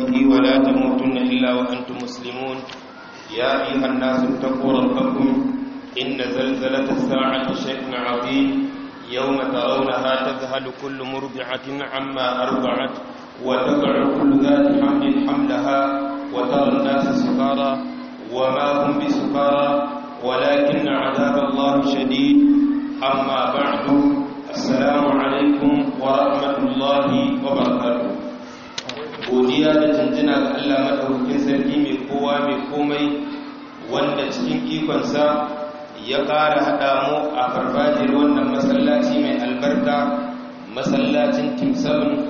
وبركاته ولا تموتن إلا وأنتم مسلمون يا أيها الناس اتقوا ربكم إن زلزلة الساعة شيء عظيم يوم ترونها تذهل كل مرضعة عما أرضعت وتضع كل ذات حمل حملها وترى الناس سكارى وما هم بسكارى ولكن عذاب الله شديد أما بعد السلام godiya da jinjina ga Allah madaukakin sarki mai kowa mai komai wanda cikin ikonsa ya ƙara hada mu a farfajiyar wannan masallaci mai albarka masallacin timsalin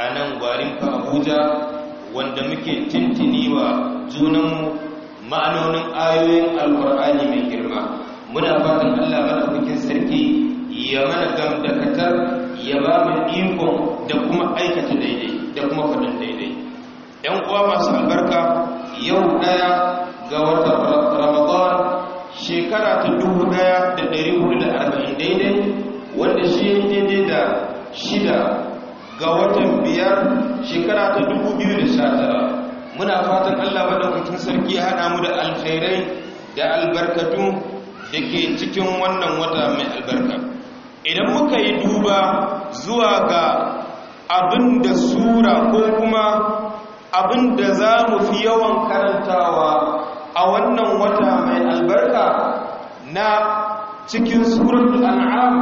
a nan gwarin abuja wanda muke tintini wa junanmu ma'anonin ayoyin alkur'ani mai girma muna fatan Allah madaukakin sarki ya mana gamdakatar ya ba mu ikon da kuma aikata daidai da kuma faɗin daidai yan uwa masu albarka yau daya ga watan ramadan shekara ta dubu daya da dari hudu da arba'in daidai wanda shi daidai da shida ga watan biyar shekara ta dubu biyu da sha tara muna fatan allah madaukakin sarki ya haɗa mu da alkhairai da albarkatu da ke cikin wannan wata mai albarka idan muka yi duba zuwa ga abin da sura ko kuma abin da za mu fi yawan karantawa a wannan wata mai albarka na cikin suratul an'am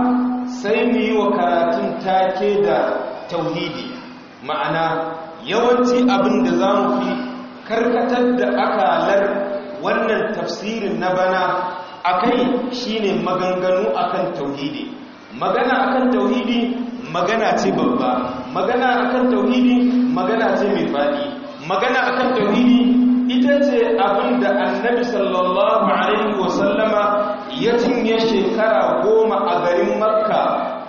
sai mu yi wa karatun take da tauhidi ma'ana yawanci abin da za mu fi karkatar da akalar wannan tafsirin na bana akai shine maganganu akan tauhidi magana akan tauhidi magana ce babba magana akan tauhidi magana ce mai faɗi magana kan tauhidi ita ce abin da annabi sallallahu alaihi wasallama ya cinye shekara goma a garin makka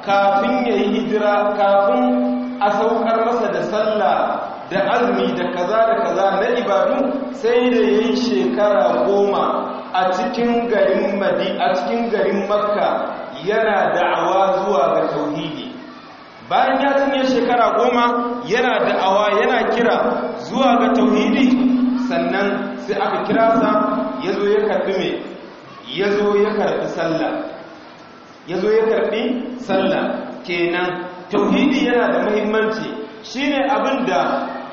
kafin ya yi hijira kafin a saukar masa da sallah da azumi da kaza da kaza na ibadu sai da ya yi shekara goma a cikin garin a cikin garin makka yana da'awa zuwa ga tauhidi bayan ya cinye shekara goma yana da'awa yana kira zuwa ga tauhidi sannan sai aka kira sa ya zo ya karbi mai ya zo ya karbi sallah ya zo ya karbi sallah kenan tauhidi yana da muhimmanci shine abin da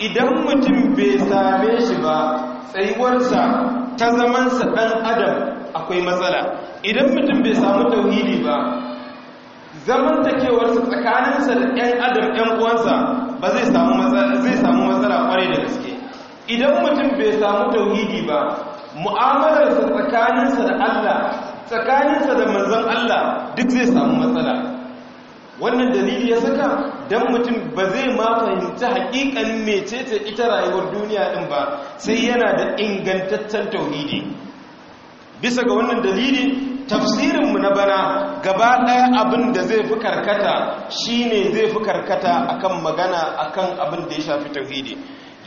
idan mutum bai same shi ba tsayuwarsa ta zamansa ɗan adam akwai matsala idan mutum bai samu tauhidi ba zamantakewarsa tsakaninsa da 'yan adam 'yan uwansa ba zai samu matsala kwarai da gaske idan mutum bai samu tauhidi ba mu'amalarsa tsakaninsa da allah tsakaninsa da manzon allah duk zai samu matsala wannan dalili ya saka don mutum ba zai ma fahimci haƙiƙanin mecece ita rayuwar duniya ɗin ba sai yana da ingantaccen tauhidi bisa ga wannan dalili tafsirinmu na bana gaba ɗaya abin da zai fi karkata shi ne zai fi karkata akan magana akan abin da ya shafi tauhidi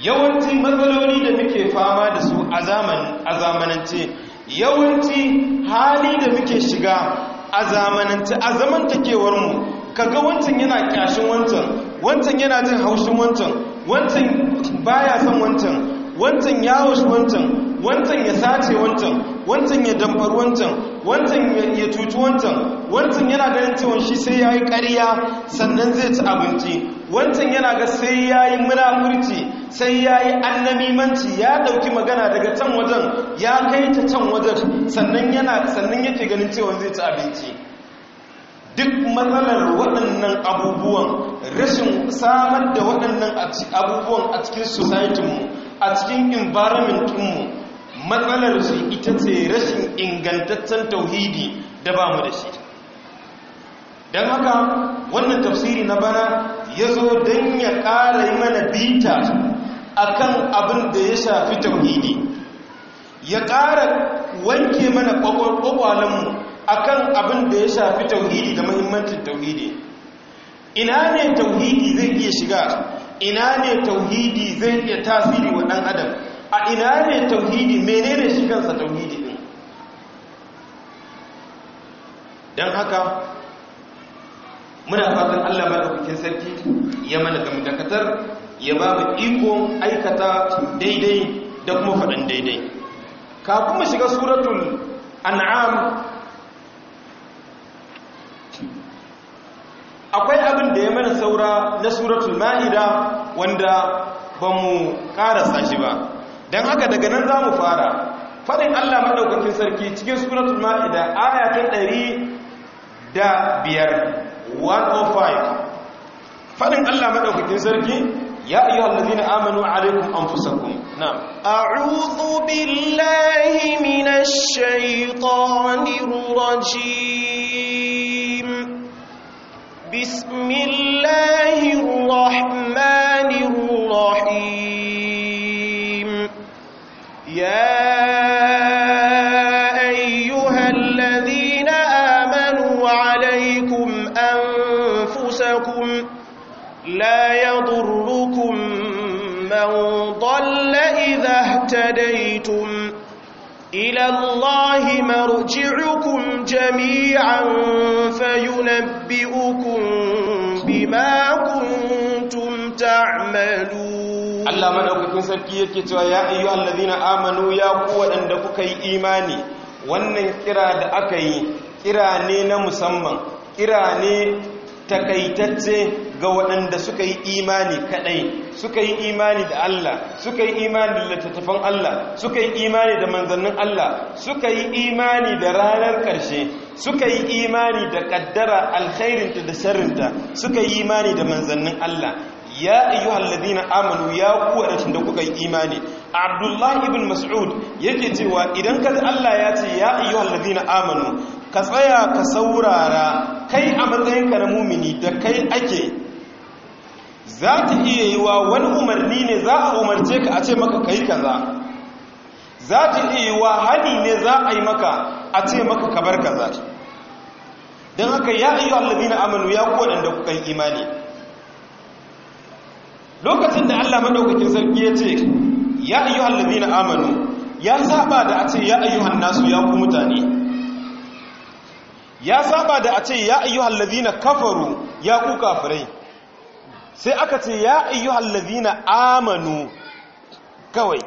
yawanci matsaloli da muke fama da su a zamanance yawanci hali da muke shiga a zamanance a zamantakewarmu kaga wancan yana kyashin wancan wancan yana jin haushin wancan wancan baya son wancan wancan ya haushi wancan wancan ya sace wancan wancan ya damfar wancan wancan ya cuci wancan wancan yana ganin cewa shi sai ya yi kariya sannan zai ci abinci wancan yana ga sai ya yi munafurci sai ya yi annamimanci ya ɗauki magana daga can wajen ya kai ta can wajen sannan yana sannan yake ganin cewa zai ci abinci duk matsalar waɗannan abubuwan rashin samar da waɗannan abubuwan a cikin mu a cikin mu Matsalar su ita ce rashin ingantaccen tauhidi da ba mu da shi don haka wannan tafsiri na bana ya zo don ya ƙara yi mana bita kan abin da ya shafi tauhidi ya ƙara wanke mana ƙwaƙwalenmu kan abin da ya shafi tauhidi da mahimmancin tauhidi ina ne tauhidi zai iya shiga ina ne tauhidi zai iya tasiri wa ɗan adam a ina ne tauhidi menene shi kansa tauhidi din don haka muna fatan Allah madaukakin sarki ya mana dakatar, ya ba mu iko aikata daidai da kuma faɗin daidai kafin mu shiga suratul an'am akwai abin da ya mana saura na suratul ma'ida wanda ba mu ƙarasa shi ba don haka daga nan za mu fara faɗin allah maɗaukakin sarki cikin suratul ma'ida aya ta ɗari da biyar 105 faɗin allah maɗaukakin sarki ya iya hallazi na amanu alaikum an fusakun na a'udhu billahi minash shaitanir rajim bismillahir rahmanir rahim يا أيها الذين آمنوا عليكم أنفسكم لا يضركم من ضل إذا اهتديتم إلى الله مرجعكم جميعا فينبئكم بما كنتم تعملون Allah madaukakin sarki yake cewa ya ayyu allazina amanu ya ku wadanda kuka yi imani wannan kira da aka yi kira ne na musamman kira ne takaitacce ga waɗanda suka yi imani kaɗai suka yi imani da Allah suka yi imani da littattafan Allah suka yi imani da manzannin Allah suka yi imani da ranar ƙarshe suka yi imani da ƙaddara alkhairinta da sharrinta suka yi imani da manzannin Allah ya ayyuhal ladina amanu ya ku wadanda da kuka yi imani abdullahi ibn mas'ud yake cewa idan ka Allah ya ce ya ayyuhal ladina amanu ka tsaya ka saurara kai a matsayinka na mumini da kai ake za ta iya yi wa wani umarni ne za a umarce ka a ce maka kai kaza za ta iya yi wa hani ne za a yi maka a ce maka kabar kaza don haka ya ayyu ladina amanu ya ku da kuka yi imani lokacin da Allah madaukakin sarki ya ce ya ayyuhal ladina amanu ya saba da a ce ya ayyuhan nasu ya ku mutane ya saba da a ce ya ayyuhal ladina kafaru ya ku kafirai sai aka ce ya ayyuhal ladina amanu kawai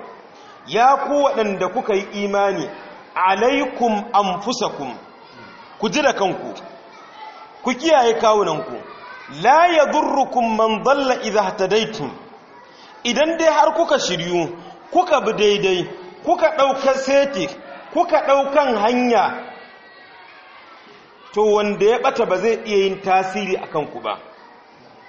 ya ku waɗanda kuka yi imani alaikum anfusakum ku ji da kanku ku kiyaye kawunanku la yadurrukum man dalla idha tadaitum idan dai har kuka shiryu kuka bi daidai kuka ɗaukar seti kuka ɗaukan hanya to wanda ya ɓata ba zai iya yin tasiri a kanku ba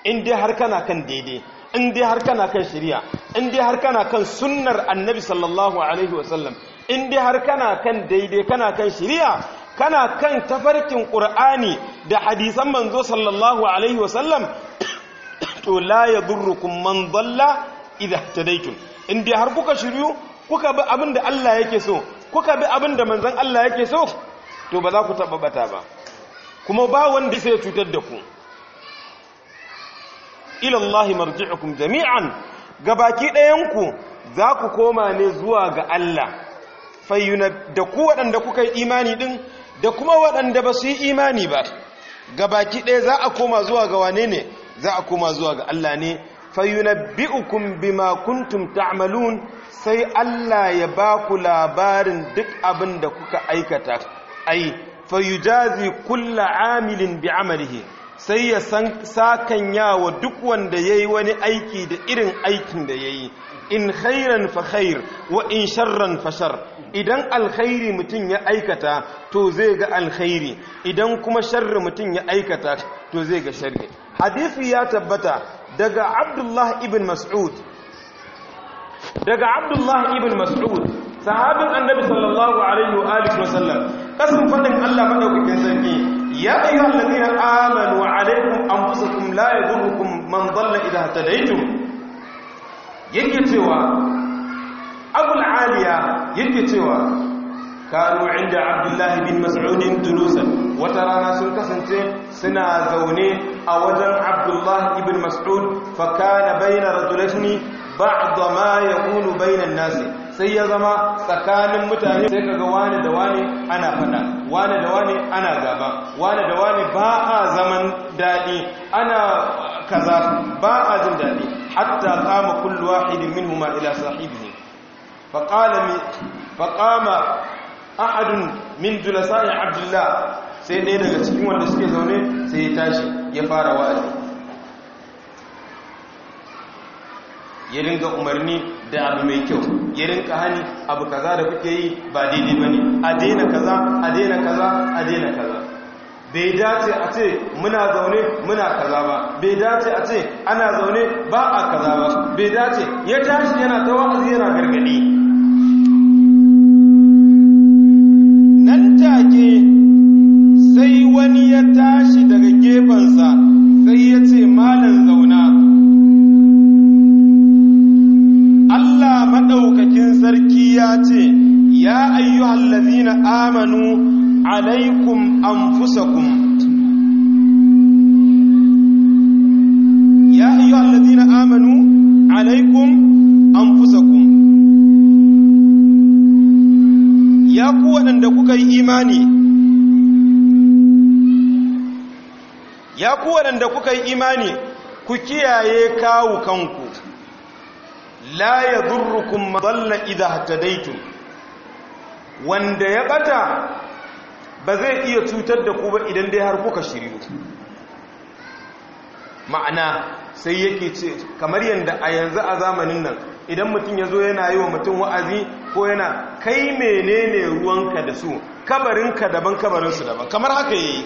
in dai har kana kan daidai in dai har kana kan shirya in dai har kana kan sunnar annabi sallallahu alaihi wasallam in dai har kana kan daidai kana kan shirya kana kan tafarkin ƙur'ani da hadisan manzo sallallahu alaihi wasallam to la ya durrukum man dalla idha tadaytum in dai har kuka shiryu kuka bi abinda Allah yake so kuka bi abinda manzon Allah yake so to ba za ku tabbata ba kuma ba wanda sai cutar da ku ila Allah marji'ukum jami'an gabaki dayanku? za ku koma ne zuwa ga Allah fayyuna da ku waɗanda kuka yi imani ɗin da kuma waɗanda ba su yi imani ba ga baki ɗaya za a koma zuwa ga wane ne za a koma zuwa ga Allah ne fayunabbi'ukum bima kuntum ta'malun sai Allah ya ba ku labarin duk abin da kuka aikata ai jazi kulla amilin bi amalihi sai ya sakanya wa duk wanda ya yi wani aiki da irin aikin da ya yi. in khairan fa khair wa in sharran fa shar idan alkhairi mutum ya aikata to zai ga alkhairi idan kuma sharri mutum ya aikata to zai ga sharri hadisi ya tabbata daga abdullah ibn mas'ud daga abdullah ibn mas'ud sahabin annabi sallallahu alaihi wa alihi wa sallam kasan fadin Allah madaukakin sarki ya ayyuhallazina amanu alaikum anfusakum la yadurrukum man dhalla idha tadaytum yake cewa abul aliya yake cewa kanu inda abdullahi bin mas'udin tulusan wata rana sun kasance suna zaune a wajen abdullahi ibn mas'ud fa kana bayna rajulaini ba'd ma yakunu bayna an-nas sai ya zama tsakanin mutane sai kaga wani da wani ana fada wani da wani ana gaba wani da wani ba a zaman dadi ana kaza ba a jin dadi. حتى قام كل واحد منهما إلى صاحبه فقال فقام أحد من جلساء عبد الله sai ɗaya daga cikin wanda suke zaune sai ya tashi ya fara wa'azi ya ringa umarni da abu mai kyau ya ringa hani abu kaza da kuke yi ba daidai ba ne a daina kaza a daina kaza a daina kaza bai dace a ce muna zaune muna kaza ba bai dace a ce ana zaune ba a kaza ba bai dace ya tashi yana ta wa'azi yana gargadi suka imani ku kiyaye kawu kanku la yadurrukum man idan idha hatadaitum wanda ya bata ba zai iya cutar da ku ba idan dai har kuka shiryu ma'ana sai yake ce kamar yanda a yanzu a zamanin nan idan mutum ya zo yana yi wa mutum wa'azi ko yana kai menene ruwanka da su kabarinka daban kabarinsu daban kamar haka yi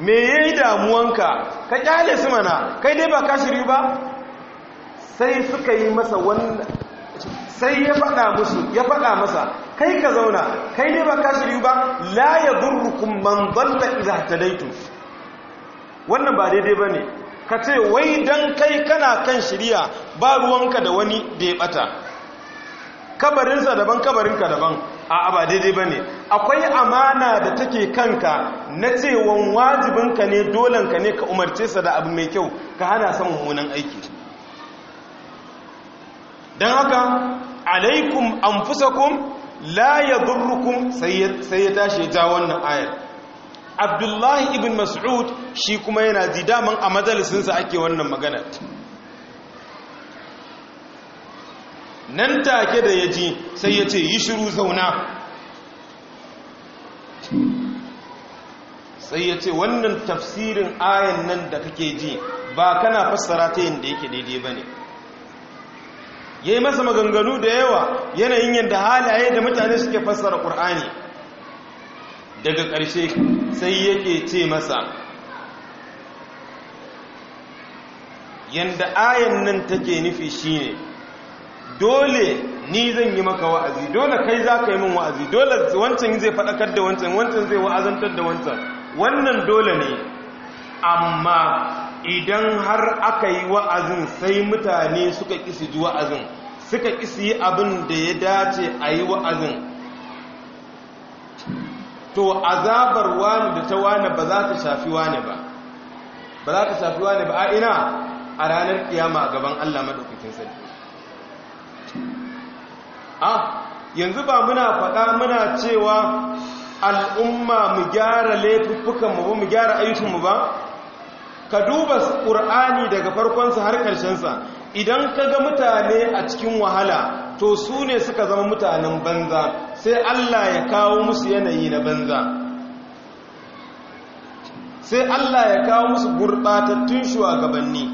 me yi damuwanka ka kyale su mana kai dai ba ka shiri ba sai suka yi masa wannan sai ya faɗa musu ya faɗa masa kai ka zauna kai dai ba ka shiri ba la ya yadurrukum man dhalla idha tadaitu wannan ba daidai ba ne. ka ce wai don kai kana kan shiriya ba ruwanka da wani da ya bata kabarinsa daban kabarinka daban a ba daidai ba ne akwai amana da take kanka na cewon wajibinka ne dolanka ne ka umarce sa da abu mai kyau ka hana sa munan aiki don haka alaikum anfusakum la yadurrukum sai ya tashi ja wannan ayar abdullahi ibn mas'ud shi kuma yana zidaman a majalisinsa ake wannan maganar. nan take da ya ji sai ya ce yi shiru zauna sai ya ce wannan tafsirin ayan nan da kake ji ba kana fassara ta yin da yake daidai ba ne ya yi masa maganganu da yawa yanayin yadda halaye da mutane suke fassara ƙur'ani daga ƙarshe sai yake ce masa yadda ayan nan take nufi shine ne dole ni zan yi maka wa'azi dole kai za ka yi min wa'azi dole wancan zai faɗakar da wancan wancan zai wa'azantar da wancan wannan dole ne amma idan har aka yi wa'azin sai mutane suka ƙi ji wa'azin suka ƙi yi abin da ya dace a yi wa'azin to azabar wani da ta wani ba za ta shafi wani ba ba za ta shafi wani ba a ina a ranar kiyama gaban Allah maɗaukakin sarki a ah, yanzu ba muna faɗa muna cewa al'umma mu gyara laifukanmu ba mu gyara ayyukanmu ba ka duba ƙur'ani daga farkonsa har ƙarshensa idan ka ga mutane a cikin wahala to su ne suka zama mutanen banza sai allah ya kawo musu yanayi na banza sai allah ya kawo musu gurɓatattun shugabanni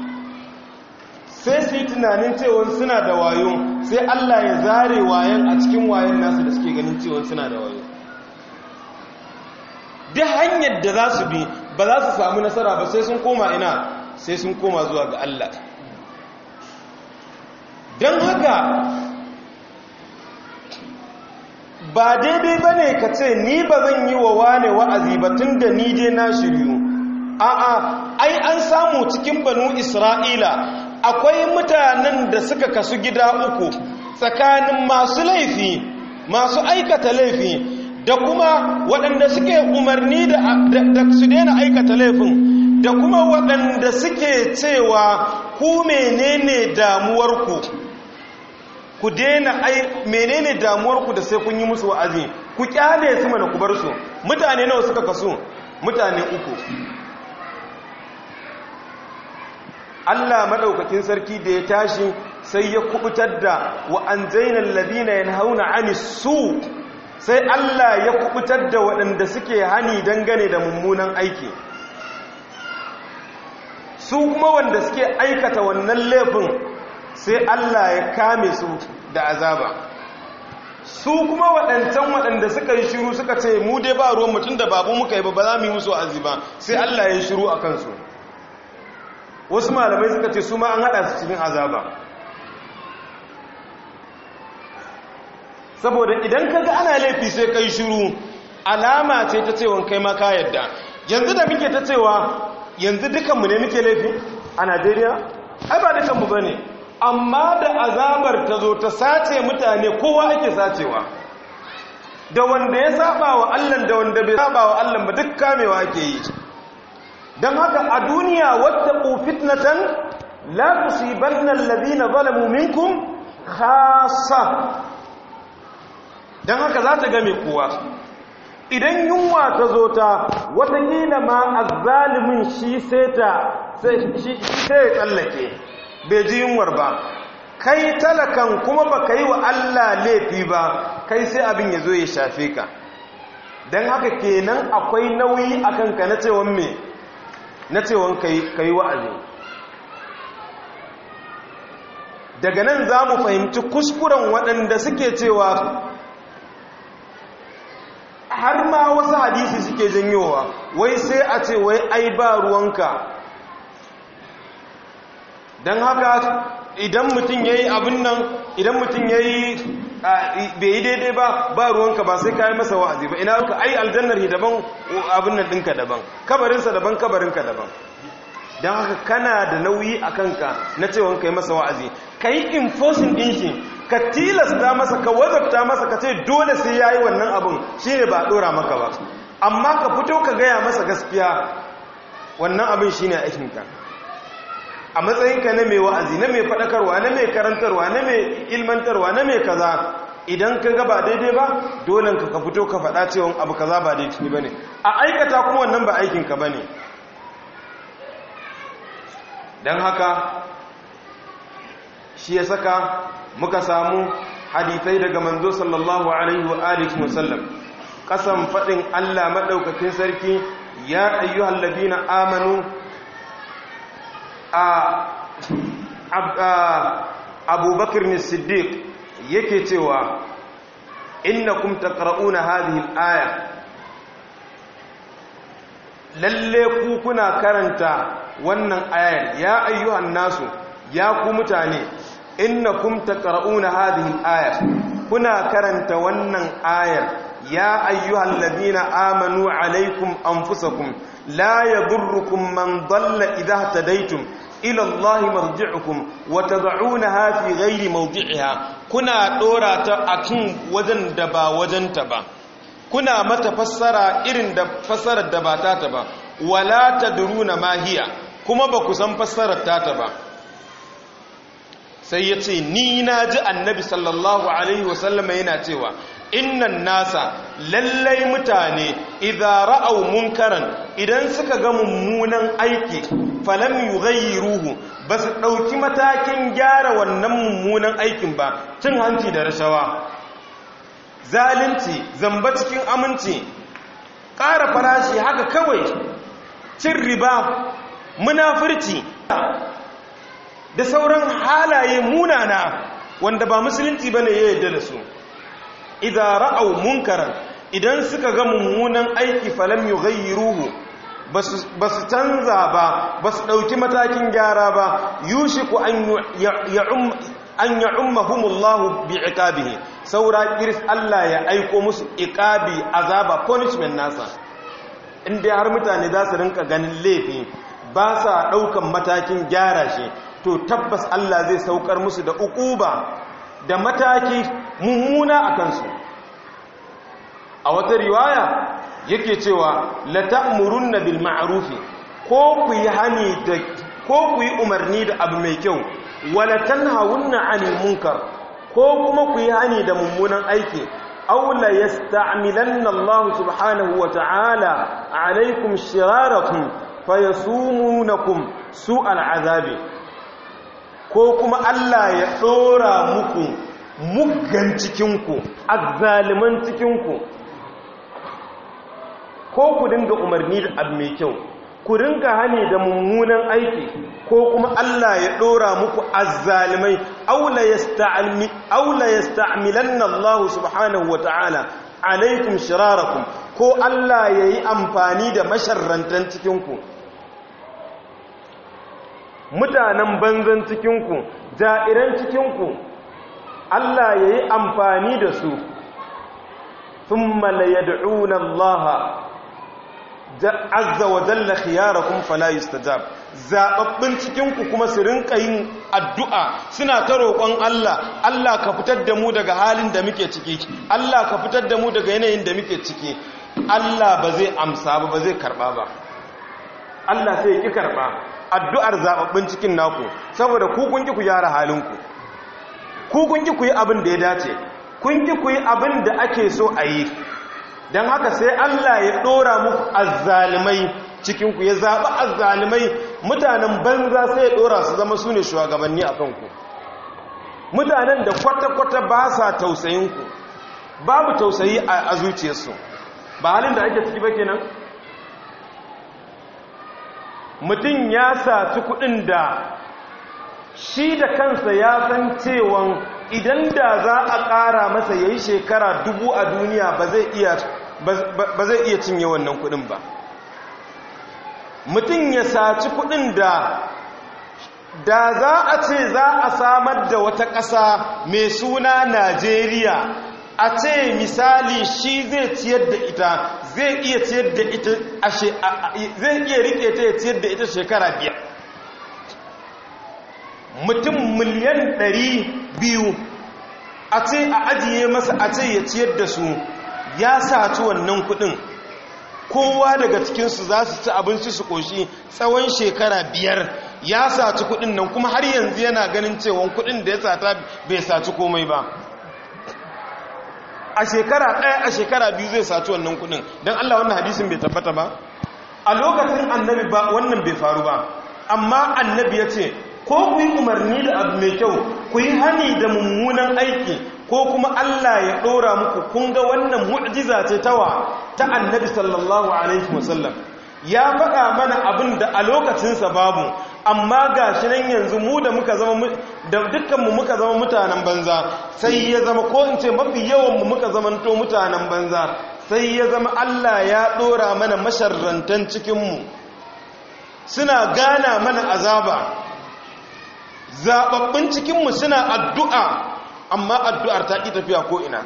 sai su yi tunanin cewa suna da wayo sai Allah ya zare wayan a cikin wayan nasu da suke ganin cewa suna da wayo da hanyar da za su bi ba za su samu nasara ba sai sun koma ina sai sun koma zuwa ga Allah don haka ba daidai ba ne ka ce ni ba zan yi wa wane wa'azi ba tun da ni dai na shiryu a'a ai an samu cikin banu isra'ila akwai mutanen da suka kasu gida uku tsakanin masu laifi masu aikata laifi da kuma waɗanda suke umarni da su daina aikata laifin da kuma waɗanda suke cewa ku menene damuwarku ku daina menene damuwarku da sai kun yi musu wa'azi ku kyale su mana ku bar su mutane nawa suka kasu mutane uku Allah madaukakin sarki da ya tashi sai ya kubutar da wa anzainal ladina yanhauna anis su sai Allah ya kubutar da waɗanda suke hani dangane da mummunan aiki su kuma wanda suke aikata wannan laifin sai Allah ya kame su da azaba su kuma waɗancan waɗanda suka yi shiru suka ce mu dai ba ruwan mutum da babu muka yi ba ba za mu yi musu ba sai Allah ya shiru a kansu wasu malamai suka ce su ma an haɗa su cikin azaba saboda idan ka ga ana laifi sai kai shiru alama ce ta cewa kai ma ka yadda yanzu da muke ta cewa yanzu dukanmu ne muke laifi a najeriya ai ba dukanmu ba ne amma da azabar ta zo ta sace mutane kowa ake sacewa da wanda ya saba wa allan da wanda bai saba wa allan ba duk kamewa ake yi don haka a duniya wadda ku fitnatan lafisi tusibanna alladhina zalamu minkum don haka za ta game kuwa, idan yunwa ta zo ta watakila ma zalimin shi sai ta sai tsallake bai ji yunwar ba kai talakan kuma ba ka yi wa Allah laifi ba kai sai abin ya zo ya shafe ka don haka kenan akwai nauyi a kanka na cewa me na cewon ka yi wa'azi daga nan za mu fahimci kuskuren waɗanda suke cewa har ma wasu hadisi suke janyowa wai sai a ce wai ai ba ruwanka don haka idan mutum ya yi abin nan idan mutum ya yi bai yi daidai ba ba ruwanka ba sai kayan masa wa'azi ba ina ka ai aljannar hi daban abin nan ɗinka daban kabarinsa daban kabarinka daban don haka kana da nauyi a kanka na cewa kai masa wa'azi ka yi infosin ɗin ka tilasta masa ka wazabta masa ka ce dole sai ya yi wannan abin shi ne ba ɗora maka ba amma ka fito ka gaya masa gaskiya wannan abin shi ne aikinka a matsayinka na mai wa'azi na mai faɗakarwa na mai karantarwa na mai ilmantarwa na mai kaza idan ka ga ba daidai ba dole ka fito ka faɗa cewa abu kaza ba daidai ba ne a aikata kuma wannan ba aikinka ba ne don haka shi ya saka muka samu hadithai daga manzo sallallahu alaihi wa musallam kasan faɗin allah maɗaukakin sarki ya na amanu abubakar siddiq yake cewa inna kumta hadhihi hadihin aya lalle ku kuna karanta wannan ayar ya ayyuhan nasu ya ku mutane inna kumta hadhihi hadihin aya kuna karanta wannan ayar ya ayyuhal ladina amanu alaikum anfusakum la yadurrukum man dalla idha tadaitum ila Allah marji'ukum wa tad'unaha fi ghairi mawdi'iha kuna ɗorata ta akan wajen da ba wajen ta ba kuna mata fassara irin da fassarar da ba ta ta ba wala tadruna ma hiya kuma ba ku san fassarar ta ta ba sai yace ni na ji annabi sallallahu alaihi wasallama yana cewa innan nasa lallai mutane idza ra'aw munkaran idan suka ga mummunan aiki falam yughayyiruhu basu dauki matakin gyara wannan mummunan aikin ba cin hanci da rashawa zalunci zamba cikin aminci ƙara farashi haka kawai cin riba munafurci da sauran halaye munana wanda ba musulunci ne ya yarda da su idza ra'aw munkaran idan suka ga mummunan aiki falam yughayyiruhu basu canza ba basu dauki matakin gyara ba yushiku an ya'um an ya'ummahumullahu bi'iqabihi saura iris Allah ya aiko musu iqabi azaba punishment nasa inda har mutane za su rinka ganin laifi ba sa daukan matakin gyara shi to tabbas Allah zai saukar musu da ukuba da mataki mummuna a kansu a wata riwaya yake cewa la ta'murunna bil ma'arufi ko ku yi hani da ko ku yi umarni da abu mai kyau wala tanhawunna 'anil munkar ko kuma ku yi hani da mummunan aiki ya la na Allah subhanahu wa ta'ala alaykum shirarakum su su'al azabi ko kuma Allah ya ɗora muku muggan cikinku zaliman cikinku ko ku dinga umarni da abu mai kyau ku dinga hane da mummunan aiki ko kuma Allah ya ɗora muku azzalimai aula ya sta'amilan Allah subhanahu wa ta'ala alaikum shirarakum ko Allah ya yi amfani da masharrantan cikinku mutanen banzan cikinku ja'iran cikinku Allah ya yi amfani da su sun malaye da'unan laha azza wa jalla khiyarakum fala yustajab zababbin zaɓaɓɓin cikinku kuma su rinka yin addu'a suna ta roƙon Allah Allah ka fitar da mu daga halin da muke ciki Allah ka fitar da mu daga yanayin da muke ciki Allah ba zai amsa ba ba zai karɓa ba Allah sai ki karɓa. addu'ar zababbin cikin naku saboda ku kun ki ku gyara halinku ku kun ki ku yi abin da ya dace kun ki ku yi abin da ake so a yi don haka sai Allah ya ɗora muku azzalimai cikinku ya zaɓi azzalimai mutanen banza sai ya ɗora su zama su ne shugabanni a kanku mutanen da kwata-kwata ba sa tausayinku babu tausayi a zuciyarsu ba halin da ake ciki ba kenan mutum ya saci kudin da shi da kansa ya san cewan idan da za a ƙara masa ya yi shekara dubu a duniya ba zai iya cinye wannan kudin ba mutum ya saci kudin da da za a ce za a samar da wata ƙasa mai suna najeriya a ce misali shi zai ciyar da ita zai iya ciyar da ita zai iya rike ta ya ciyar da ita shekara biyar mutum miliyan ɗari biyu a ce a ajiye masa a ce ya ciyar da su ya saci wannan kudin kowa daga cikinsu za su ci abinci su koshi tsawon shekara biyar ya saci kudin nan kuma har yanzu yana ganin cewa kudin da ya sata bai saci komai ba a shekara ɗaya a shekara biyu zai saci wannan kudin don Allah wannan hadisin bai tabbata ba a lokacin annabi ba wannan bai faru ba amma annabi ya ce ko ku yi umarni da abu mai kyau ku yi hani da mummunan aiki ko kuma Allah ya ɗora muku kun ga wannan mu'jiza ce tawa ta annabi sallallahu alaihi wasallam ya faɗa mana abin da a lokacinsa babu amma ga shi nan yanzu mu da muka zama da dukkanmu muka zama mutanen banza sai ya zama ko in ce mafi yawanmu muka zama to mutanen banza sai ya zama Allah ya dora mana masharrantan cikinmu suna gana mana azaba zababbin cikinmu suna addu'a amma addu'ar ta ki tafiya ko ina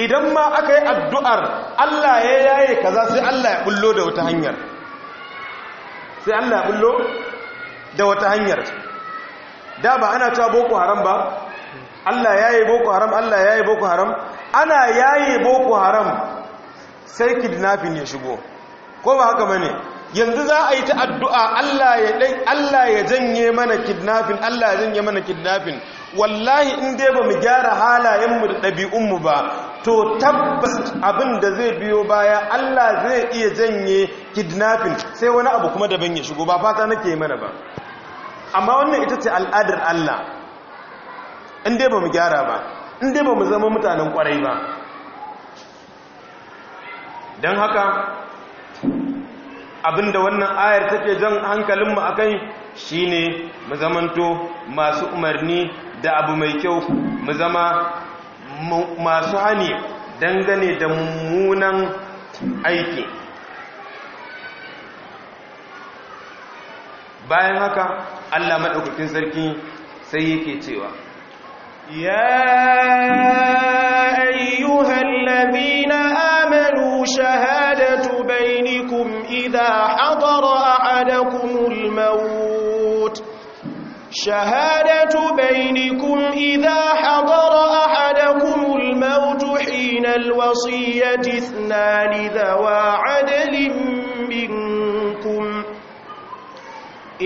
idan ma aka yi addu'ar Allah ya yaye kaza sai Allah ya bullo da wata hanyar sai Allah ya bullo da wata hanyar da ba ana cewa boko haram ba Allah ya yi boko haram Allah ya yi boko haram ana ya yi boko haram sai kidnapping ya shigo ko ba haka bane yanzu za a yi ta addu'a Allah ya dai Allah ya janye mana kidnapping Allah ya janye mana kidnapping wallahi in dai ba mu gyara halayenmu da ɗabi'unmu ba to tabbas abin da zai biyo baya Allah zai iya janye kidnapping sai wani abu kuma daban ya shigo ba fata nake mana ba amma wannan ita ce al'adar Allah inda ba mu gyara ba inda ba mu zama mutanen kwarai ba don haka abinda wannan ayar take jan hankalinmu a kai shi ne mu zamanto masu umarni da abu mai kyau mu zama masu hani dangane da mummunan aiki bayan haka Allah madaukakin sarki sai yake cewa ya ayyuhallazina amanu shahadatu bainakum idha hadara ahadakumul almaut shahadatu bainakum idha hadara ahadakumul almaut hina alwasiyati ithnan dhawa adlin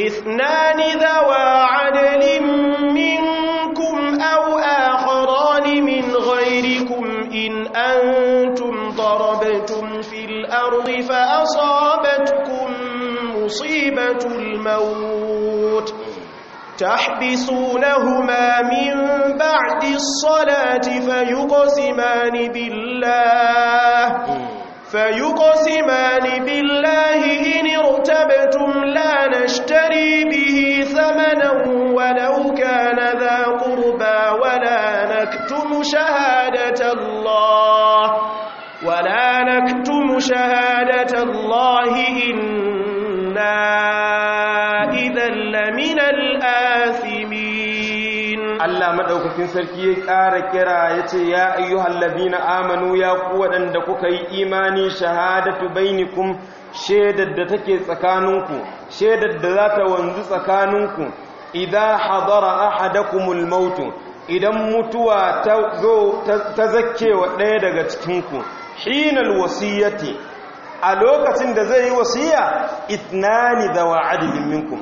اثنان ذوى عدل منكم أو آخران من غيركم إن أنتم ضربتم في الأرض فأصابتكم مصيبة الموت تحبسونهما من بعد الصلاة فيقسمان بالله فيقسمان بالله إن ارتبتم لا نشتري به ثمنا ولو كان ذا قربى ولا نكتم شهادة الله ولا نكتم شهادة الله sarki ya ƙara kira ya ce ya hallabi na amanu ya ku waɗanda kuka yi imani shahadatu bainikum shaidar da take tsakaninku shaidar da za ta wanzu tsakaninku idan hadara ahadakumul mautu idan mutuwa ta zo ta ɗaya daga cikinku hinal wasiyyati a lokacin da zai yi wasiya itnani da wa'adilin minkum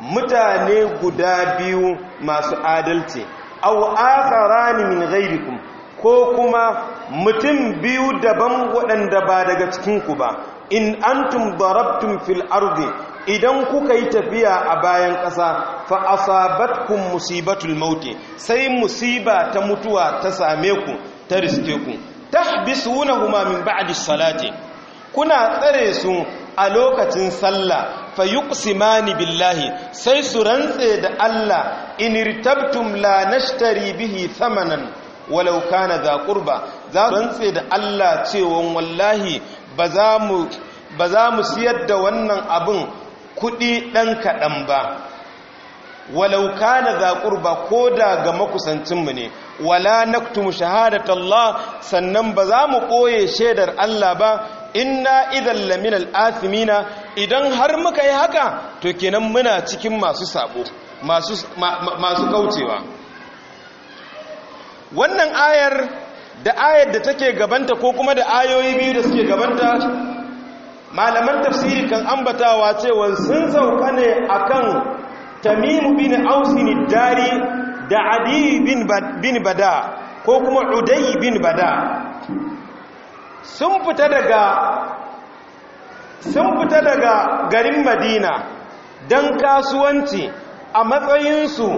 mutane guda biyu masu adalci aw akharan min ghayrikum ko kuma mutum biyu daban waɗanda ba daga cikin ku ba in antum darabtum fil ardi idan kuka yi tafiya a bayan ƙasa fa asabatkum musibatul mauti sai musiba ta mutuwa ta same ku ta riske ku tahbisunahuma min ba'di salati kuna tsare su a lokacin sallah fa yuqsimani billahi sai su rantse da Allah in irtabtum la nashtari bihi thamanan walau kana za qurba za su rantse da Allah cewa wallahi ba za mu ba za mu siyar da wannan abin kuɗi ɗan kaɗan ba walau kana za qurba ko da ga makusancinmu ne wala naktumu shahadatallah sannan ba za mu koye shaidar Allah ba inna idan laminal athimina idan har muka yi haka to kenan muna cikin masu sabo masu kaucewa wannan ayar da ayar da take gabanta ko kuma da ayoyi biyu da suke gabanta malaman tafsiri kan ambatawa cewa sun sauka ne akan tamimu bin ausini dari da adi bin bada ko kuma udai bin bada sun fita daga sun fita daga garin madina don kasuwanci a matsayinsu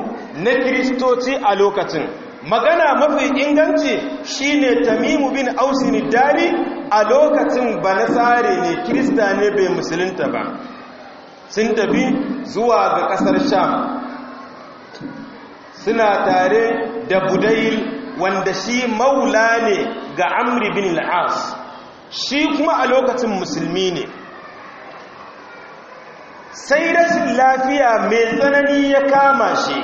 na kiristoci a lokacin magana mafi inganci shine tamimu bin ausini dari a lokacin ba nasare ne kirista ne bai musulunta ba sun tafi zuwa ga kasar sham suna tare da budayil wanda shi maula ne ga amri bin la'as shi kuma a lokacin musulmi ne sai rashin lafiya mai tsanani ya kama shi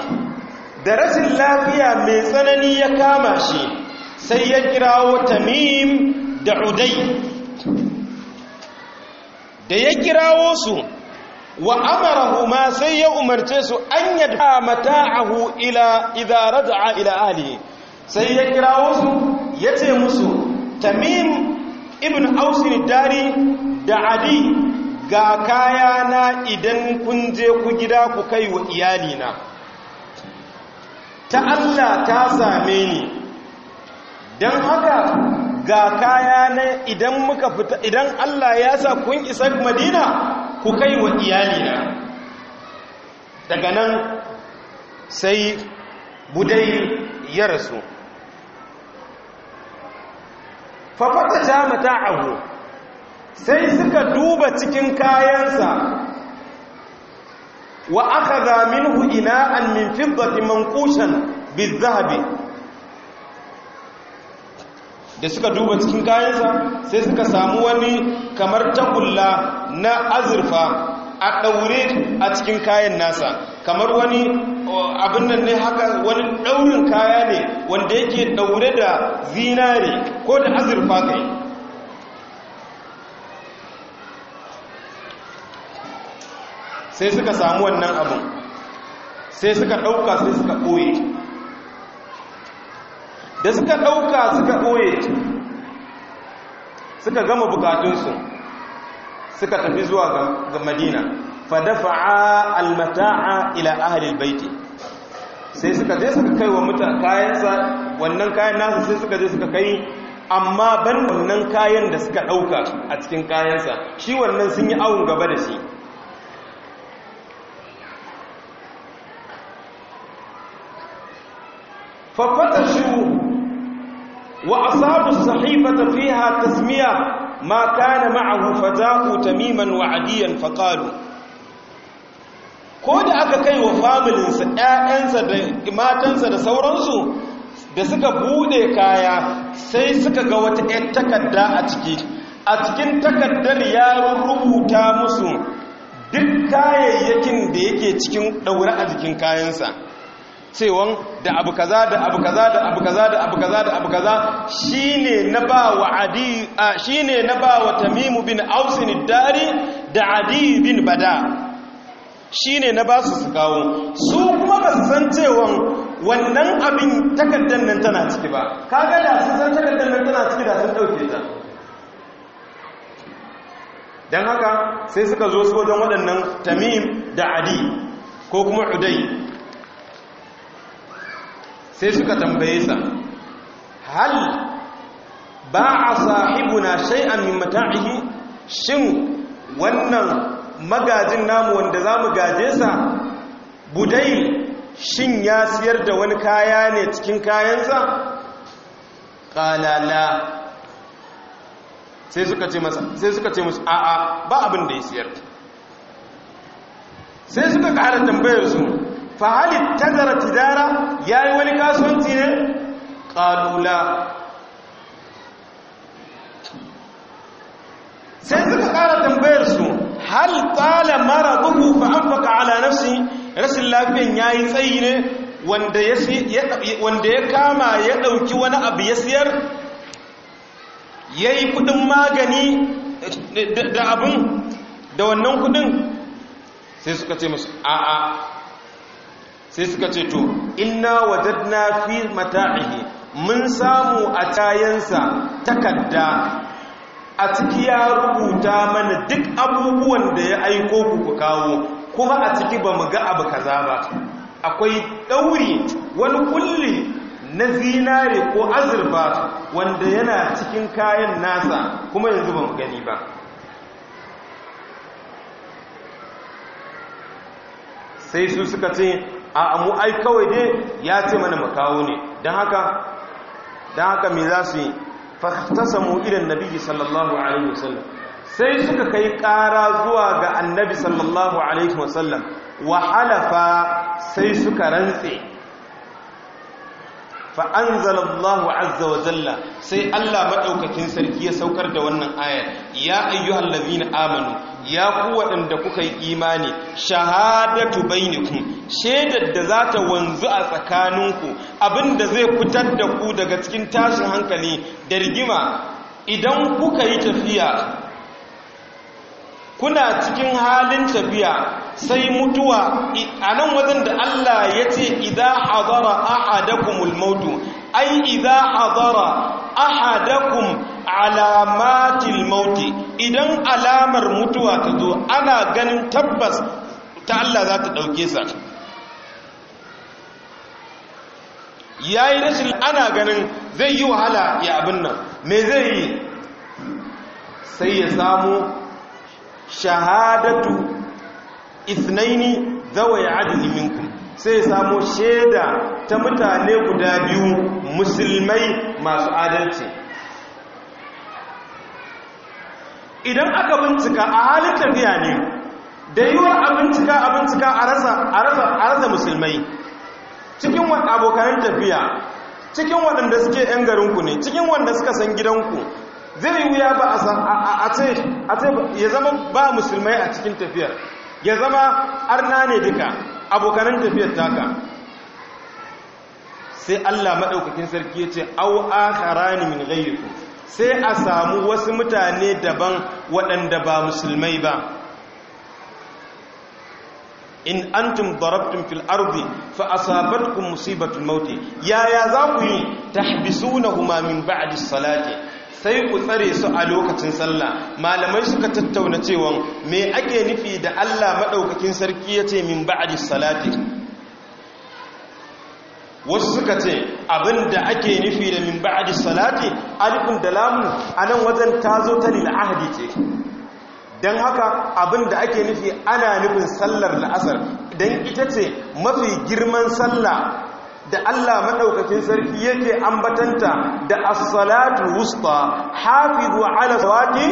da rashin lafiya mai tsanani ya kama shi sai ya kirawo tamim da udai da ya kirawo su wa ma sai ya umarce su an yadda mata'ahu ila idza raja'a ila sai ya kirawo su yace musu tamim ibn ausin dari da adi ga kaya na idan kun je ku gida ku kai wa iyalina ta Allah ta same ni don haka ga kaya na idan muka fita idan Allah ya sa kun isa madina ku kai wa iyalina daga nan sai budai ya rasu fafata ta mata abu sai suka duba cikin kayansa wa aka zamin hu'ina an min fiddafi mankushan bizahabi da suka duba cikin kayansa sai suka samu wani kamar tagulla na azurfa a ɗaure a cikin kayan nasa kamar wani abin nan ne haka wani daurin kaya ne wanda yake daure da zinare ko da azurfa kai sai suka samu wannan abin sai suka dauka sai suka boye da suka dauka suka boye suka gama bukatunsu suka tafi zuwa ga madina fadafa'a almata'a ila ahlil baiti sai suka je suka kai wa mutan kayansa wannan kayan nasa sai suka je suka kai amma ban wannan kayan da suka dauka a cikin kayansa shi wannan sun yi awon gaba da shi ففتشوا وأصابوا الصحيفة فيها تسمية ما كان معه فذاقوا تميما وعديا فقالوا ko da aka kai wa familinsa ‘ya'yansa da matansa da sauransu da suka bude kaya sai suka ga wata ‘yan takarda a ciki a cikin takardar yaron rubuta musu duk kayayyakin da yake cikin ɗaure a jikin kayansa cewon da abu kaza da abu kaza da abu kaza da abu kaza da abu kaza shine na ba na ba wa tamimu bin ausin dari da adi bin bada shine na ba su su kawo su kuma ba su san cewa wannan abin takardar nan tana ciki ba kaga da sun san takardar nan tana ciki da sun dauke ta dan haka sai suka zo su wajen waɗannan tamim da adi ko kuma udai sai suka tambaye sa hal ba a sahibuna shay'an min shin wannan magajin namu wanda za mu gaje sa budai shin ya siyar da wani kaya ne cikin kayansa kalala sai suka ce masa sai suka ce musu a'a ba abin da ya siyar sai suka ƙara tambayar su fa hali tazara tijara yayi wani kasuwanci ne kalula sai suka ƙara tambayar su hal tsala maraduhu fa anfaqa ala nafsi rashin lafiyan ya yi tsayi ne wanda ya kama ya dauki wani abu ya siyar ya yi kudin magani da abin da wannan kudin sai suka ce musu a'a sai suka ce to inna na fi mata'ihi mun samu a tayansa takadda a ciki ya rubuta mana duk abubuwan da ya aiko ku ku kawo kuma a ciki ba mu ga abu kaza ba akwai ɗauri wani kulli na zinare ko azurfa wanda yana cikin kayan nasa kuma yanzu ba mu gani ba sai su suka ce a amu ai kawai dai ya ce mana mu kawo ne don haka don haka me za su yi fahtasamu idan nabi sallallahu alaihi wasallam sai suka kai ƙara zuwa ga annabi sallallahu alaihi wasallam wa halafa sai suka rantse فأنزل الله عز وجل سي الله مدوكتين سركي سوكر da wannan ayar ya ayyuhal ladina amanu ya ku wadanda kuka yi imani shahadatu bainakum Shaidar da za ta wanzu a tsakaninku abinda zai fitar da ku daga cikin tashin hankali da rigima idan kuka yi tafiya kuna cikin halin tafiya sai mutuwa a nan wajen da Allah ya ce idan hadara ahadakumul mautu ai idan hadara ahadakum alamatil mauti idan alamar mutuwa ta zo ana ganin tabbas ta Allah za ta dauke sa ya yi rashin ana ganin zai yi wahala ya abin nan me zai yi sai ya samu shahadatu ithnaini zawai adini minkum sai samo shaida ta mutane guda biyu musulmai masu adalci idan aka bincika a halin tafiya ne da yiwuwar a bincika a bincika a rasa musulmai cikin wani abokanin tafiya cikin waɗanda suke 'yan garinku ne cikin wanda suka san gidanku zai wuya ba a ce ya zama ba musulmai a cikin tafiyar ya zama arna ne duka abokanan tafiyar taka sai Allah maɗaukakin sarki ya ce au ni min ghayrikum sai a samu wasu mutane daban waɗanda ba musulmai ba in antum darabtum fil ardi fa asabatkum musibatul mauti yaya za ku yi huma min ba'di salati sai ku tsare su a lokacin sallah malamai suka tattauna cewa me ake nufi da Allah madaukakin sarki yace min ba'di salati wasu suka ce abinda ake nufi da min ba'di salati alifun da lamun anan wajen tazo ta lil ahdi ce dan haka abin da ake nufi ana nufin sallar la'asar don ita ce mafi girman sallah da Allah madaukakin sarki yake ambatanta da as-salatu wusta hafizu ala salati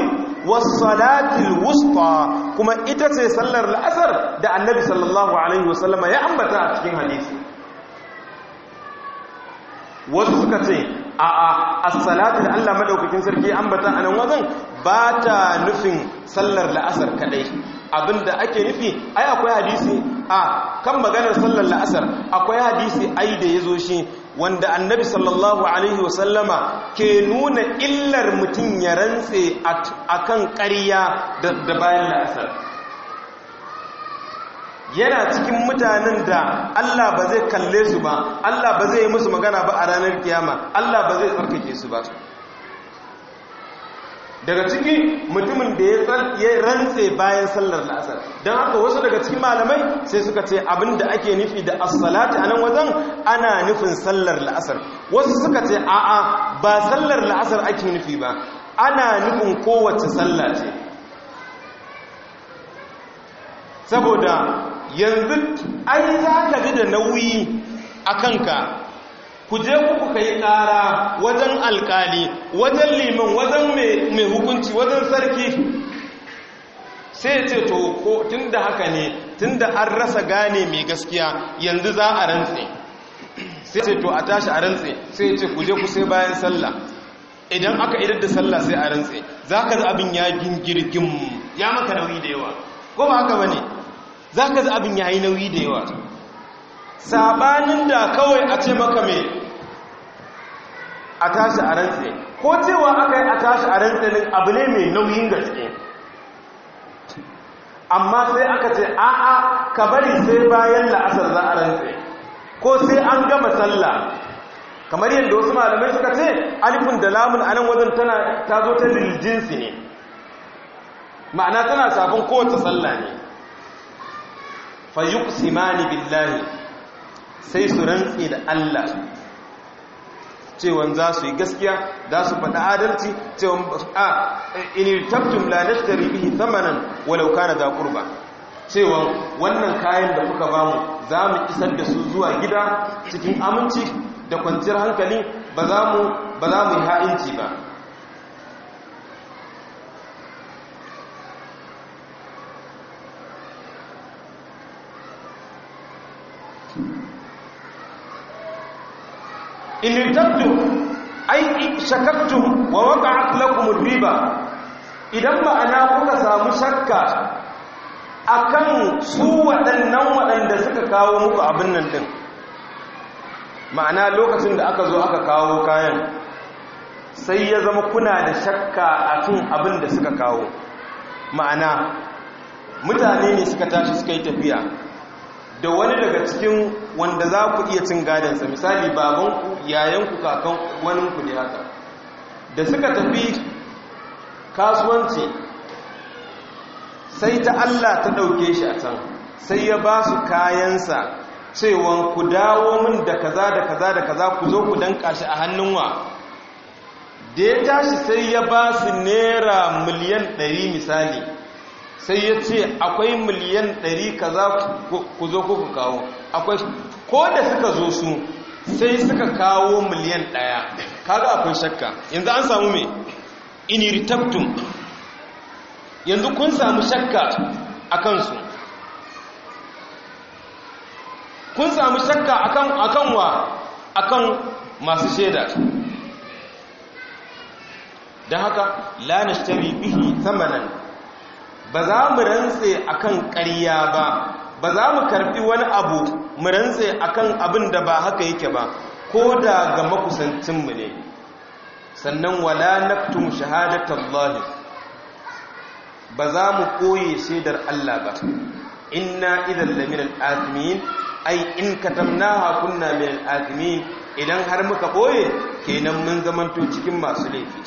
was-salatil wusta kuma ita ce sallar la'asar da annabi sallallahu alaihi wasallama ya ambata a cikin hadisi wasu suka ce a'a a salatu da Allah madaukakin sarki ambata anan wajen ba ta nufin sallar la'asar kadai abinda ake nufi ai akwai hadisi a kan maganar sallar la'asar akwai hadisi ai da yazo shi wanda annabi sallallahu alaihi wasallama ke nuna illar mutum ya rantse akan ƙarya da bayan la'asar yana cikin mutanen da Allah ba zai kalle su ba Allah ba zai yi musu magana ba a ranar kiyama Allah ba zai tsarkake su ba daga ciki mutumin da ya rantse bayan sallar la'asar don haka wasu daga cikin malamai sai suka ce abin da ake nufi da assalati a nan wajen ana nufin sallar la'asar wasu suka ce a'a ba sallar la'asar ake nufi ba ana nufin kowace sallah ce saboda yanzu ai za ka ji da nauyi a kanka ku je ku yi ƙara wajen alkali wajen liman wajen mai hukunci wajen sarki sai ce to ko tun da haka ne tun da an rasa gane mai gaskiya yanzu za a rantse sai ce to a tashi a rantse sai ce ku je ku sai bayan sallah idan aka idar da sallah sai a rantse za ka abin ya gingirgin ya maka nauyi da yawa ko ba haka ba ne za ka abin ya yi nauyi da yawa sabanin da kawai a ce maka mai a tashi a rantse ko cewa aka yi a tashi a rantse abu ne mai nauyin gaske amma sai aka ce a'a ka bari sai bayan la'asar za a rantse ko sai an gama sallah kamar yadda wasu malamai suka ce alifin da lamun a nan wajen ta zo ta liljinsi ne ma'ana tana safin kowace sallah ne fayuqsimani billahi sai su rantsi da Allah cewa za su yi gaskiya za su faɗa adalci cewa a inirtabtum la nashtari bihi thamanan walau kana da qurba cewa wannan kayan da kuka bamu za mu isar da su zuwa gida cikin aminci da kwanciyar hankali ba za mu ba za mu yi ha'inci ba in ai shakartum wa waqa'at lakum riba idan ma'ana kuka samu shakka akan su waɗannan waɗanda suka kawo muku abin nan din ma'ana lokacin da aka zo aka kawo kayan sai ya zama kuna da shakka a cin abin da suka kawo ma'ana mutane ne suka tashi suka yi tafiya da wani daga cikin wanda za ku iya cin gadansa misali babanku yayanku kakan waninku ne haka da suka tafi kasuwanci sai ta Allah ta ɗauke shi a can sai ya ba su kayansa cewa ku dawo min da kaza da kaza da kaza ku zo ku danka shi a hannun wa da ya tashi sai ya ba su naira miliyan ɗari misali sai ya ce akwai miliyan 100 za ku zo ku kawo akwai ko da suka zo su sai suka kawo miliyan 1 kaga akwai shakka yanzu an samu me inirtabtum yanzu kun samu shakka a kansu kun samu shakka akan akan wa akan masu shaida don haka la nashtari bihi thamanan ba za mu rantse akan ƙarya ba ba za mu karfi wani abu mu rantse akan abin da ba haka yake ba ko da ga makusancinmu ne sannan wala naktum shahadatallahi ba za mu koye shaidar Allah ba inna idan lamin al'azmin ai in katamnaha kunna min al'azmin idan har muka koye kenan mun zamanto cikin masu laifi